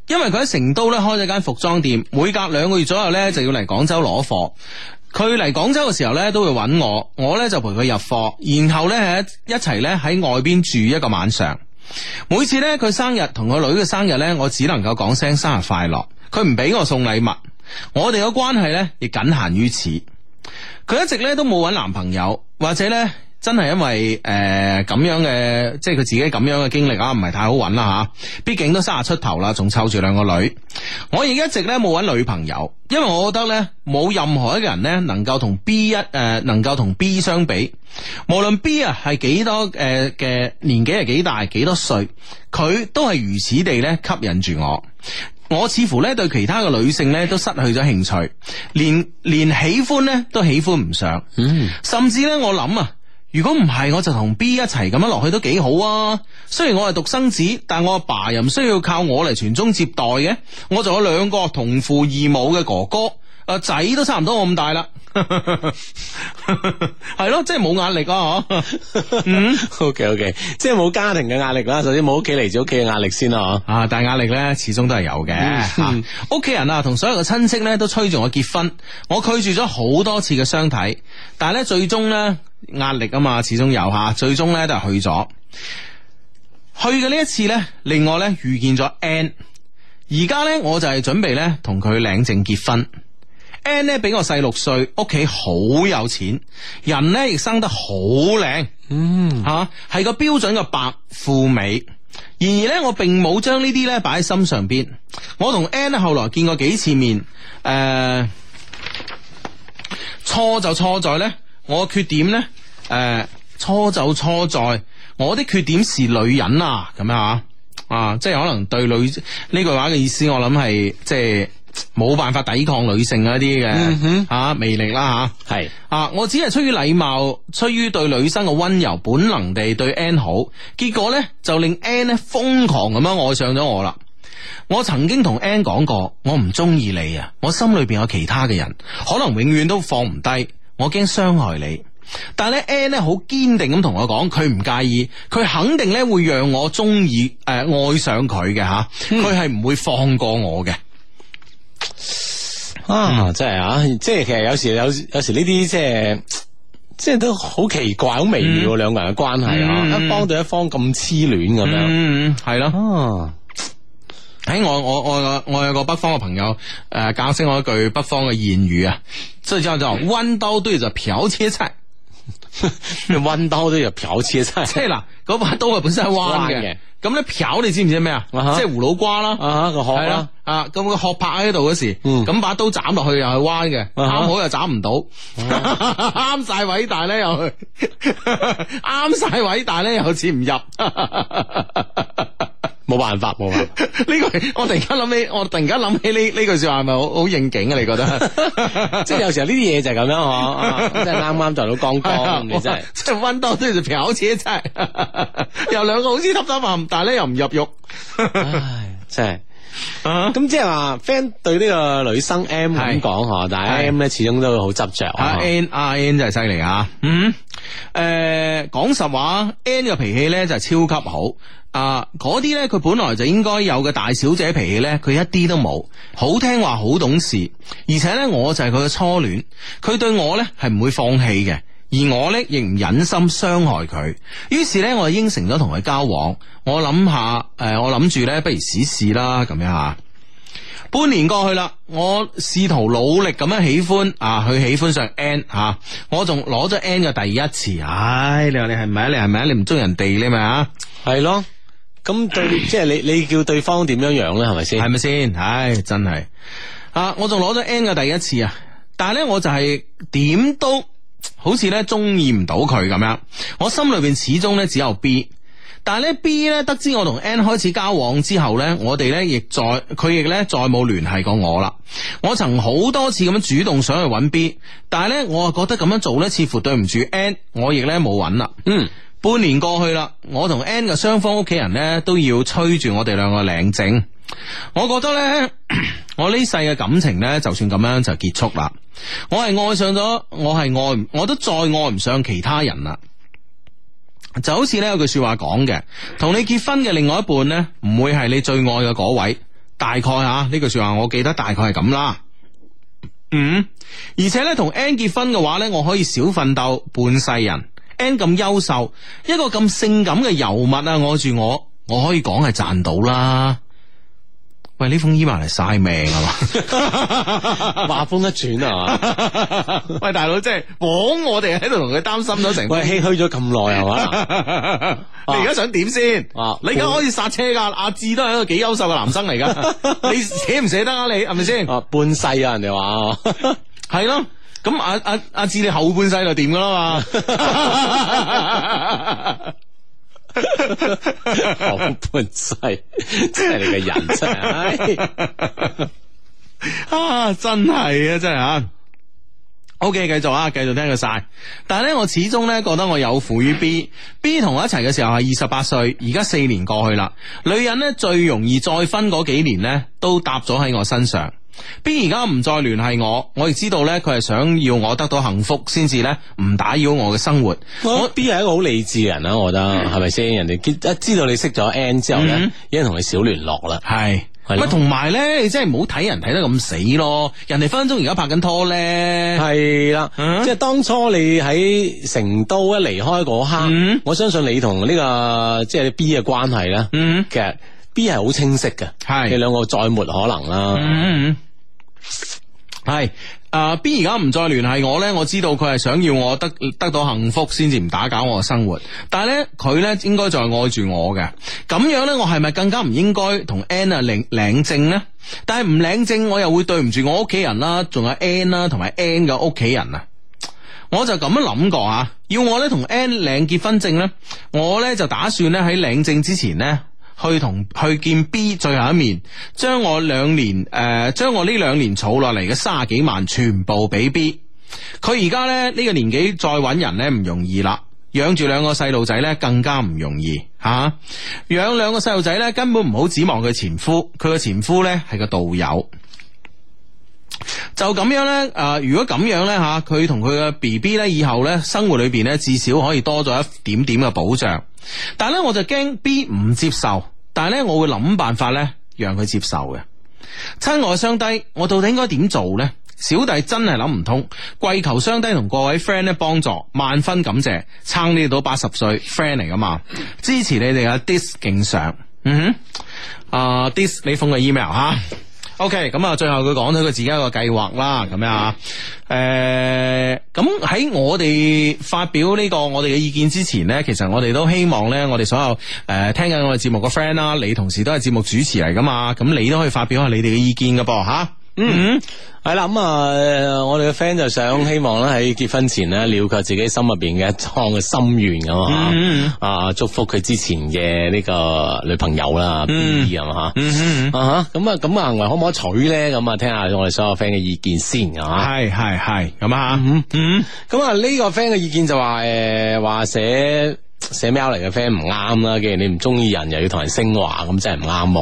因為佢喺成都呢開咗間服裝店，每隔兩個月左右呢，就要嚟廣州攞貨。佢嚟廣州嘅時候呢，都會揾我，我呢，就陪佢入貨，然後呢，一齊呢，喺外邊住一個晚上。每次呢，佢生日同佢女嘅生日呢，我只能夠講聲生日快樂。佢唔俾我送禮物，我哋嘅關係呢，亦僅限於此。佢一直呢，都冇揾男朋友或者呢。真係因為誒咁、呃、樣嘅，即係佢自己咁樣嘅經歷啊，唔係太好揾啦吓。畢竟都三十出頭啦，仲湊住兩個女。我亦一直呢冇揾女朋友，因為我覺得呢冇任何一個人呢能夠同 B 一誒、呃、能夠同 B 相比。無論 B 啊係幾多誒嘅、呃、年紀係幾大幾多歲，佢都係如此地呢吸引住我。我似乎呢對其他嘅女性呢都失去咗興趣，連連喜歡呢都喜歡唔上。嗯，甚至呢我諗啊。如果唔係，我就同 B 一齊咁樣落去都幾好啊。雖然我係獨生子，但我阿爸又唔需要靠我嚟傳宗接代嘅。我仲有兩個同父異母嘅哥哥，誒，仔都差唔多我咁大啦，係 咯， 即係冇壓力啊。嗬，OK，OK，即係冇家庭嘅壓力啦。首先冇屋企嚟自屋企嘅壓力先啦。啊，但係壓力咧，始終都係有嘅。屋企人啊，同所有嘅親戚咧都催住我結婚，我拒絕咗好多次嘅相睇，但係咧最終咧。壓力啊嘛，始終有吓，最終咧都係去咗。去嘅呢一次咧，令我咧遇見咗 N，而家咧我就係準備咧同佢領證結婚。N 咧比我細六歲，屋企好有錢，人咧亦生得好靚，嗯吓，係、啊、個標準嘅白富美。然而咧，我並冇將呢啲咧擺喺心上邊。我同 N 咧後來見過幾次面，誒、呃，錯就錯在咧，我嘅缺點咧。誒，錯就錯在我的缺點是女人啊，咁樣吓、啊，啊，即係可能對女呢句話嘅意思我，我諗係即係冇辦法抵抗女性嗰啲嘅吓魅力啦，吓、啊、係是啊，我只係出於禮貌，出於對女生嘅溫柔本能地對 N 好，結果咧就令 N 咧瘋狂咁樣愛上咗我啦。我曾經同 N 講過，我唔中意你啊，我心裏邊有其他嘅人，可能永遠都放唔低，我驚傷害你。但係咧 n 咧好堅定咁同我講，佢唔介意，佢肯定咧會讓我中意誒愛上佢嘅吓，佢係唔會放過我嘅。嗯、啊，真係啊，即係其實有時有有時呢啲即係即係都好奇怪，好微妙兩、嗯、個人嘅關係啊，嗯、一方對一方咁痴戀咁樣，係咯。喺我我我我，我有個北方嘅朋友，誒、呃，解釋我一句北方嘅諺語啊，所即係叫做彎刀要就瓢切菜。彎 刀都又漂切晒，即係嗱，嗰把刀係本身彎嘅，咁咧漂你知唔知咩？uh huh. 啊？即係葫蘆瓜啦，個殼啦，啊，咁個殼拍喺度嗰時，咁把刀斬落去又係彎嘅，啱、uh huh. 好又斬唔到，啱晒位，huh. 偉大係咧又啱晒位， 偉大係咧又切唔入。 冇辦法，冇辦法。呢句我突然間諗起，我突然間諗起呢呢句說話，係咪好好應景啊？你覺得？即係有時候呢啲嘢就係咁樣嗬。即係啱啱就到鋼鋼，你真係即係彎刀都要漂車，真係。有兩個好似耷耷下，但係咧又唔入肉。唉，真係。咁即係話，friend 對呢個女生 M 咁講嗬，但係 M 咧始終都好執着。阿 N，阿 N 真係犀利啊！嗯，誒，講實話，N 嘅脾氣咧就係超級好。啊！嗰啲呢，佢本來就應該有嘅大小姐脾氣呢，佢一啲都冇，好聽話，好懂事，而且呢，我就係佢嘅初戀，佢對我呢係唔會放棄嘅，而我呢亦唔忍心傷害佢，於是呢，我就應承咗同佢交往。我諗下，誒、呃，我諗住呢，不如試試啦，咁樣吓。半年過去啦，我試圖努力咁樣喜歡啊，佢喜歡上 N 吓、啊，我仲攞咗 N 嘅第一次，唉、哎！你話你係咪？你係咪？你唔中意人哋咧嘛？係咯。咁對，唉 即係你你叫對方點樣樣呢？係咪先？係咪先？唉，真係啊！我仲攞咗 N 嘅第一次啊，但係呢，我就係、是、點都好似呢中意唔到佢咁樣。我心裏邊始終呢，只有 B，但係呢 B 呢，得知我同 N 開始交往之後呢，我哋呢，亦再佢亦呢，再冇聯繫過我啦。我曾好多次咁樣主動想去揾 B，但係呢，我啊覺得咁樣做呢，似乎對唔住 N，我亦呢，冇揾啦。嗯。半年過去啦，我同 N 嘅雙方屋企人咧，都要催住我哋兩個領證。我覺得咧， 我呢世嘅感情咧，就算咁樣就結束啦。我係愛上咗，我係愛，我都再愛唔上其他人啦。就好似呢有句說話講嘅，同你結婚嘅另外一半呢，唔會係你最愛嘅嗰位。大概吓、啊、呢句說話，我記得大概係咁啦。嗯，而且咧，同 N 結婚嘅話呢，我可以少奮鬥半世人。n 咁優秀，一個咁性感嘅尤物啊，我住我，我可以講係賺到啦。喂，呢封 email 嚟晒命啊嘛！ 話風一轉啊！ 喂，大佬，即係枉我哋喺度同佢擔心咗成，我係唏噓咗咁耐嘛？你而家想點先啊？你而家可以剎車噶？阿志都係一個幾優秀嘅男生嚟噶，你捨唔捨得啊？你係咪先？半世啊，人哋話係咯。咁阿阿阿志，啊啊、你後半世就點噶啦嘛？ 後半世即係你嘅人真係，啊真係啊真係吓。OK，繼續啊，繼、okay, 續，續聽佢晒。但係咧，我始終咧覺得我有負於 B。B 同我一齊嘅時候係二十八歲，而家四年過去啦。女人咧最容易再婚嗰幾年咧，都搭咗喺我身上。B 而家唔再聯繫我，我亦知道咧，佢係想要我得到幸福，先至咧唔打擾我嘅生活。Oh, 我 B 係一個好理智嘅人啊，我覺得係咪先？人哋一知道你識咗 N 之後咧，已經同你少聯絡啦。係，喂，同埋咧，你真係唔好睇人睇得咁死咯。人哋分分鐘而家拍緊拖咧。係啦、mm hmm.，即係當初你喺成都一離開嗰刻，mm hmm. 我相信你同呢個即係 B 嘅關係咧。嗯、mm，hmm. 其實。B 係好清晰嘅，係是你兩個再沒可能啦。係、嗯，誒、嗯呃、，B 而家唔再聯繫我呢，我知道佢係想要我得得到幸福，先至唔打攪我嘅生活。但係呢，佢呢應該再愛住我嘅，咁樣呢，我係咪更加唔應該同 N 啊，領領證呢？但係唔領證，我又會對唔住我屋企人啦、啊，仲有 N 啦、啊，同埋 N 嘅屋企人啊。我就咁樣諗過啊，要我呢同 N 領結婚證呢，我呢就打算呢喺領證之前呢。去同去見 B 最後一面，將我兩年誒、呃，將我呢兩年儲落嚟嘅卅幾萬全部俾 B。佢而家咧呢、呢個年紀再搵人咧唔容易啦，養住兩個細路仔咧更加唔容易吓、啊。養兩個細路仔咧根本唔好指望佢前夫，佢個前夫咧係個導遊。就咁樣咧、呃，啊如果咁樣咧吓，佢同佢嘅 B B 咧，以後咧生活裏邊咧至少可以多咗一點點嘅保障。但係咧我就驚 B 唔接受。但係咧，我會諗辦法咧，讓佢接受嘅。親愛雙低，我到底應該點做咧？小弟真係諗唔通，跪求雙低同各位 friend 咧幫助，萬分感謝，撐你到八十歲，friend 嚟噶嘛，支持你哋啊！dis 敬上，嗯、uh, 哼，啊 dis 你封個 email 吓。O K，咁啊，okay，最後佢講咗佢自己一個計劃啦，咁樣啊，誒、嗯，咁喺、呃、我哋發表呢、呢個我哋嘅意見之前呢，其實我哋都希望呢，我哋所有誒、呃、聽緊我哋節目嘅 friend 啦，你同時都係節目主持嚟噶嘛，咁你都可以發表下你哋嘅意見噶噃吓。啊嗯，係啦，咁啊，我哋嘅 friend 就想希望啦，喺結婚前咧，了解自己心入邊嘅一樁嘅心願咁啊，啊祝福佢之前嘅呢個女朋友啦，B b 啊嘛吓，啊咁啊行為，可唔可以取咧？咁啊，聽下我哋所有 friend 嘅意見先，係係係，咁啊咁啊呢個 friend 嘅意見就話誒，話寫寫 mail 嚟嘅 friend 唔啱啦，既然你唔中意人，又要同人升華，咁真係唔啱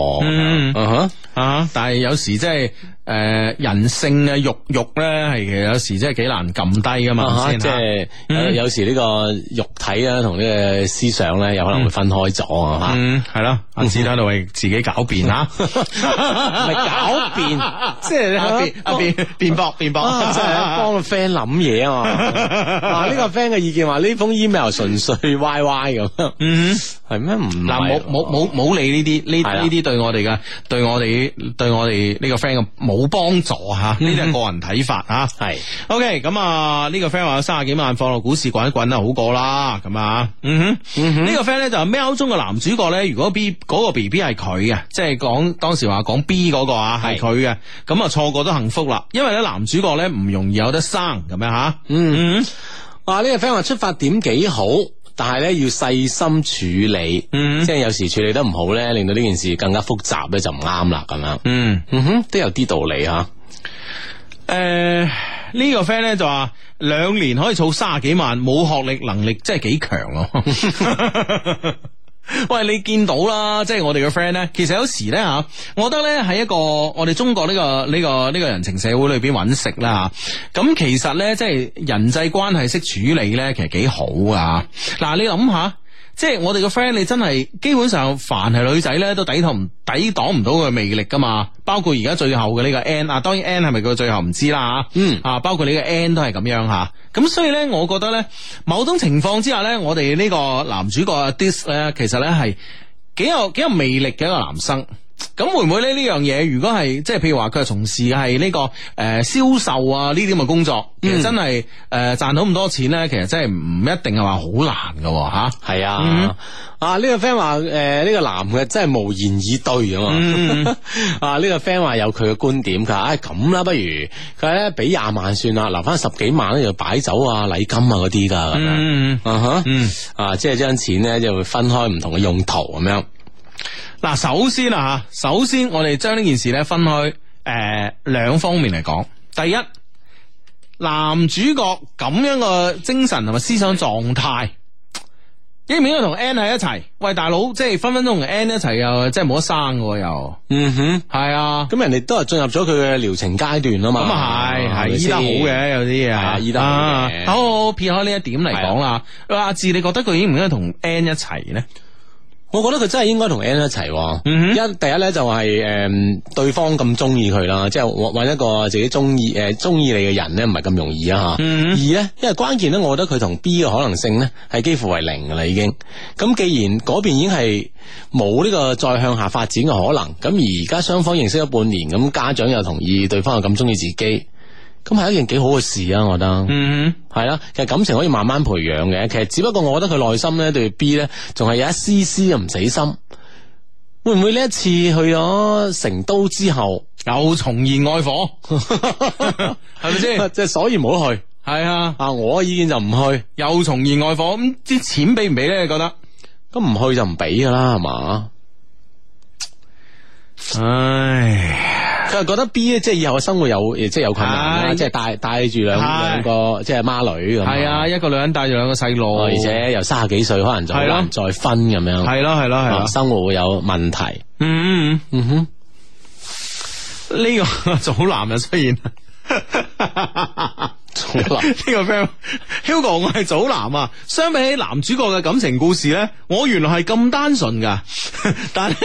哦，啊，但係有時真係。誒，人性啊，肉欲咧，係其實有時真係幾難撳低噶嘛，即係有時呢個肉體啊，同呢個思想咧，有可能會分開咗啊，係咯，阿子喺度自己狡辯啊，唔係狡辯，即係咧，阿辯辯駁辯駁，即係幫個 friend 諗嘢啊嘛，嗱呢個 friend 嘅意見話呢封 email 純粹歪歪咁，嗯，係咩唔嗱冇冇冇冇理呢啲呢呢啲對我哋嘅對我哋對我哋呢個 friend 嘅。冇幫助吓，呢啲係個人睇法吓。係、嗯、哼，OK，咁啊呢個 friend 話有卅幾萬放落股市滾一滾啊，好過啦。咁啊、嗯，嗯哼，呢個 friend 咧就係喵中嘅男主角咧。如果 B 嗰個 B B 係佢嘅，即係講當時話講 B 嗰、嗰個啊係佢嘅，咁啊是錯過都幸福啦。因為咧男主角咧唔容易有得生咁樣吓。嗯，嗯，哇、嗯！呢、呢個 friend 話出發點幾好。但係咧，要細心處理，嗯哼，即係有時處理得唔好咧，令到呢件事更加複雜咧，就唔啱啦咁樣，嗯嗯哼，都有啲道理吓。誒、呃、呢、呢個 friend 咧就話兩年可以儲卅幾萬，冇學歷能力真，真係幾強咯。喂，你見到啦，即係我哋嘅 friend 咧，其實有時咧吓、啊，我覺得咧喺一個我哋中國呢、呢個呢、呢個呢、呢個人情社會裏邊揾食啦，咁其實咧即係人際關係識處理咧，其實幾好㗎。嗱、啊，你諗下。即係我哋個 friend，你真係基本上凡係女仔咧，都抵同抵擋唔到佢魅力噶嘛。包括而家最後嘅呢個 N 啊，當然 N 係咪佢最後唔知啦吓。嗯啊，包括你個 N 都係咁樣吓。咁、啊、所以咧，我覺得咧，某種情況之下咧，我哋呢個男主角啊 dis 咧，其實咧係幾有幾有魅力嘅一個男生。咁會唔會咧？妹妹呢樣嘢，如果係即係，譬如話佢係從事係呢個誒銷售啊呢啲咁嘅工作，其實真係誒賺到咁多錢咧，其實真係唔一定係話好難噶吓。係啊，啊呢個 friend 話誒呢個男嘅真係無言以對啊。啊呢個 friend 話有佢嘅觀點噶，唉咁啦，不如佢咧俾廿萬算啦，留翻十幾萬咧就擺酒啊、禮金啊嗰啲噶咁樣啊吓。啊即係將錢咧就會分開唔同嘅用途咁樣。嗱，首先啊，吓，首先我哋將呢件事咧分開，誒、呃、兩方面嚟講。第一，男主角咁樣個精神同埋思想狀態，嗯、應唔應該同 N 喺一齊？喂，大佬，即係分分鐘同 N 一齊又即係冇得生嘅又，嗯哼，係啊，咁人哋都係進入咗佢嘅療程階段啊嘛，咁、嗯、啊係係醫得好嘅有啲嘢，醫、啊、得好嘅、啊。好，好撇開呢一點嚟講啦，阿志你覺得佢應唔應該同 N 一齊咧？我覺得佢真係應該同 Ann 一齊，一、嗯、哼第一咧就係、是、誒對方咁中意佢啦，即係揾一個自己中意誒中意你嘅人咧唔係咁容易啊吓。二咧、嗯哼，因為關鍵咧，我覺得佢同 B 嘅可能性咧係幾乎為零噶啦已經。咁既然嗰邊已經係冇呢個再向下發展嘅可能，咁而家雙方認識咗半年，咁家長又同意，對方又咁中意自己，咁係一件幾好嘅事啊！我覺得。嗯係啦，其實感情可以慢慢培養嘅。其實只不過我覺得佢內心咧對 B 咧，仲係有一絲絲嘅唔死心。會唔會呢一次去咗成都之後，又重現愛火？係咪先？即係 所以冇去。係啊的，啊，我嘅意見就唔去，又重現愛火。咁啲錢俾唔俾咧？你覺得？咁唔去就唔俾噶啦，係嘛？唉。佢又覺得 B 咧，即係以後嘅生活有，即係有困難，啊、即係帶帶住兩、啊、兩個，即係孖女咁。係啊，一個女人帶住兩個細路、嗯，而且又卅幾歲，可能就難再婚。咁、啊、樣。係咯、啊，係咯、啊，係、啊、生活會有問題。嗯嗯，嗯，嗯哼，呢、這個祖藍又出現。祖藍，呢 男 個 friend Hugo，我係祖藍啊。相比起男主角嘅感情故事咧，我原來係咁單純噶，但。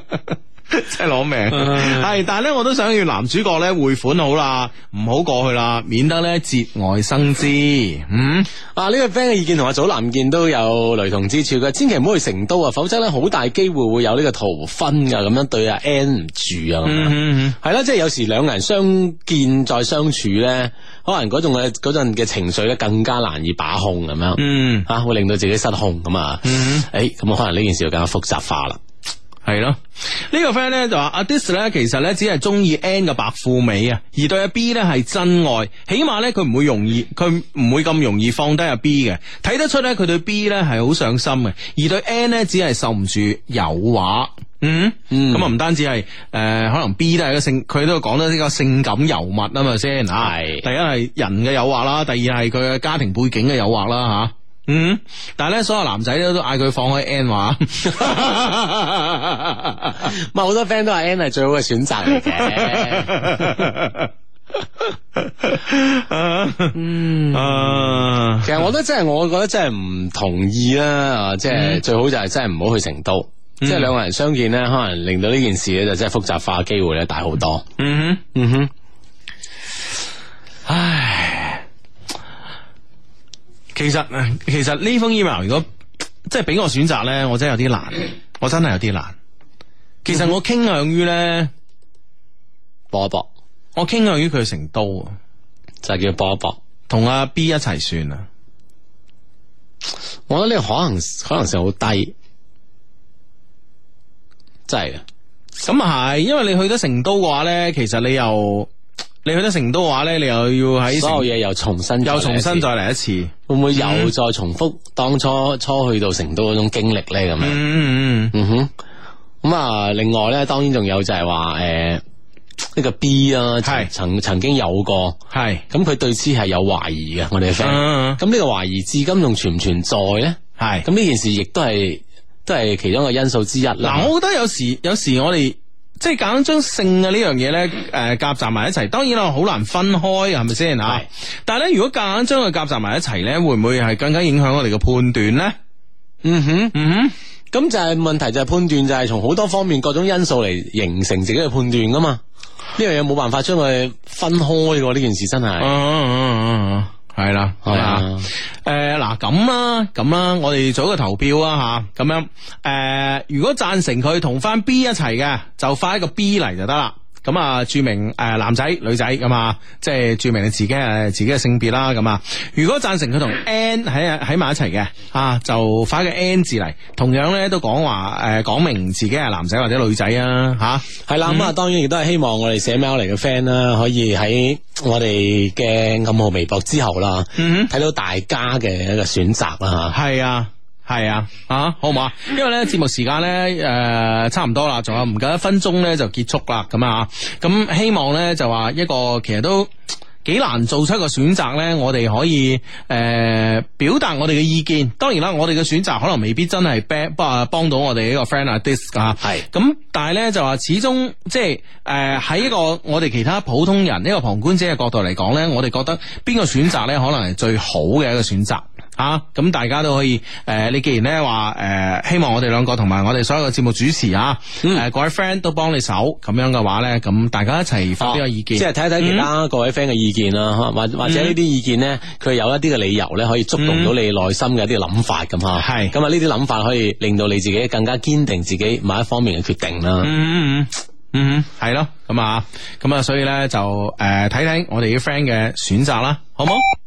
即係攞命，係唉但係咧，我都想要男主角咧匯款好啦，唔好過去啦，免得咧節外生枝。嗯，啊呢、這個 friend 嘅意見同阿祖藍見都有雷同之處，佢千祈唔好去成都啊，否則咧好大機會會有呢個逃婚噶咁樣，對阿 N 唔住啊，係啦、嗯嗯嗯，即係有時兩人相見再相處咧，可能嗰種嘅嗰陣嘅情緒咧更加難以把控咁樣，嗯，啊會令到自己失控咁啊，誒，咁、嗯嗯欸、可能呢件事更加複雜化啦。係咯，呢個 friend 咧就話阿 Diss 咧其實咧只係中意 N 嘅白富美啊，而對阿 B 咧係真愛，起碼咧佢唔會容易，佢唔會咁容易放低阿 B 嘅，睇得出咧佢對 B 咧係好上心嘅，而對 N 咧只係受唔住誘惑。嗯，咁啊唔單止係誒、呃，可能 B 都係一個性，佢都講得呢個性感尤物啊嘛先，係第一係人嘅誘惑啦，第二係佢嘅家庭背景嘅誘惑啦吓。啊。嗯，但係咧，所有男仔咧都嗌佢放開 N 話，唔係好多 friend 都話 N 係最好嘅選擇嚟嘅。嗯，其實我覺得真係，我覺得真係唔同意啦。啊，即係最好就係真係唔好去成都，即係兩個人相見呢，可能令到呢件事咧就真係複雜化，機會咧大好多。嗯哼，嗯哼，唉。其實其實呢封 email 如果即係俾我選擇咧，我真係有啲難，我真係有啲難。其實我傾向於咧搏一搏，我傾向於佢去成都，就係叫搏一搏，同阿 B 一齊算啊。我覺得呢個可能可能性好低，嗯、真係的嘅。咁係，因為你去咗成都嘅話咧，其實你又。你去到成都嘅話咧，你又要喺所有嘢又重新，又重新再嚟一次，一次會唔會又再重複當初初去到成都嗰種經歷咧咁樣？嗯，嗯，嗯，嗯哼。咁、嗯、啊，另外咧，當然仲有就係話誒，呢、呃這個 B 啊，是曾曾曾經有過，係咁佢對此係有懷疑嘅，我哋嘅咁呢個懷疑至今仲存唔存在咧？係咁呢件事亦都係都係其中嘅因素之一。嗱、啊，我覺得有時有時我哋。即係夾硬將性嘅呢樣嘢咧，誒夾雜埋一齊，當然啦好難分開，係咪先啊？但係咧，如果夾硬將佢夾雜埋一齊呢，會唔會係更加影響我哋嘅判斷呢？嗯哼，嗯哼，咁就係問題就係判斷就係從好多方面各種因素嚟形成自己嘅判斷㗎嘛。呢樣嘢冇辦法將佢分開嘅，呢件事真係。啊啊啊啊啊係啦，係啊，誒，嗱咁啦，咁啦、呃，我哋做一個投票啦吓，咁樣，誒、呃，如果贊成佢同翻 B 一齊嘅，就發一個 B 嚟就得啦。咁啊，注明誒男仔、女仔咁啊，即係注明你自己誒自己嘅性別啦。咁啊，如果贊成佢同 N 喺啊喺埋一齊嘅，啊，就發個 N 字嚟，同樣咧都講話誒講明自己係男仔或者女仔啊。吓係啦，咁啊，當然亦都係希望我哋寫 mail 嚟嘅 friend 啦，可以喺我哋嘅暗號微博之後啦，嗯，睇到大家嘅一個選擇啊，係啊。係啊，啊好唔好啊？因為咧節目時間咧誒差唔多啦，仲有唔夠一分鐘咧就結束啦咁啊！咁、嗯、希望咧就話一個其實都幾難做出一個選擇咧，我哋可以誒、呃、表達我哋嘅意見。當然啦，我哋嘅選擇可能未必真係幫幫到我哋是呢個 friend 啊 dis 噶，係咁。但係咧就話始終即係誒喺一個我哋其他普通人一個旁觀者嘅角度嚟講咧，我哋覺得邊個選擇咧可能係最好嘅一個選擇。啊！咁大家都可以誒，你、呃、既然咧話誒，希望我哋兩個同埋我哋所有嘅節目主持啊，誒、嗯啊、各位 friend 都幫你手咁樣嘅話咧，咁大家一齊發表個意見，哦、即係睇睇其他各位 friend 嘅意見啦，或、嗯、或者呢啲意見咧，佢有一啲嘅理由咧，可以觸動到你內心嘅一啲諗法咁吓，係咁、嗯、啊呢啲諗法可以令到你自己更加堅定自己某一方面嘅決定啦、嗯嗯。嗯嗯係咯，咁啊咁啊，所以咧、啊、就誒睇睇我哋啲 friend 嘅選擇啦，好冇？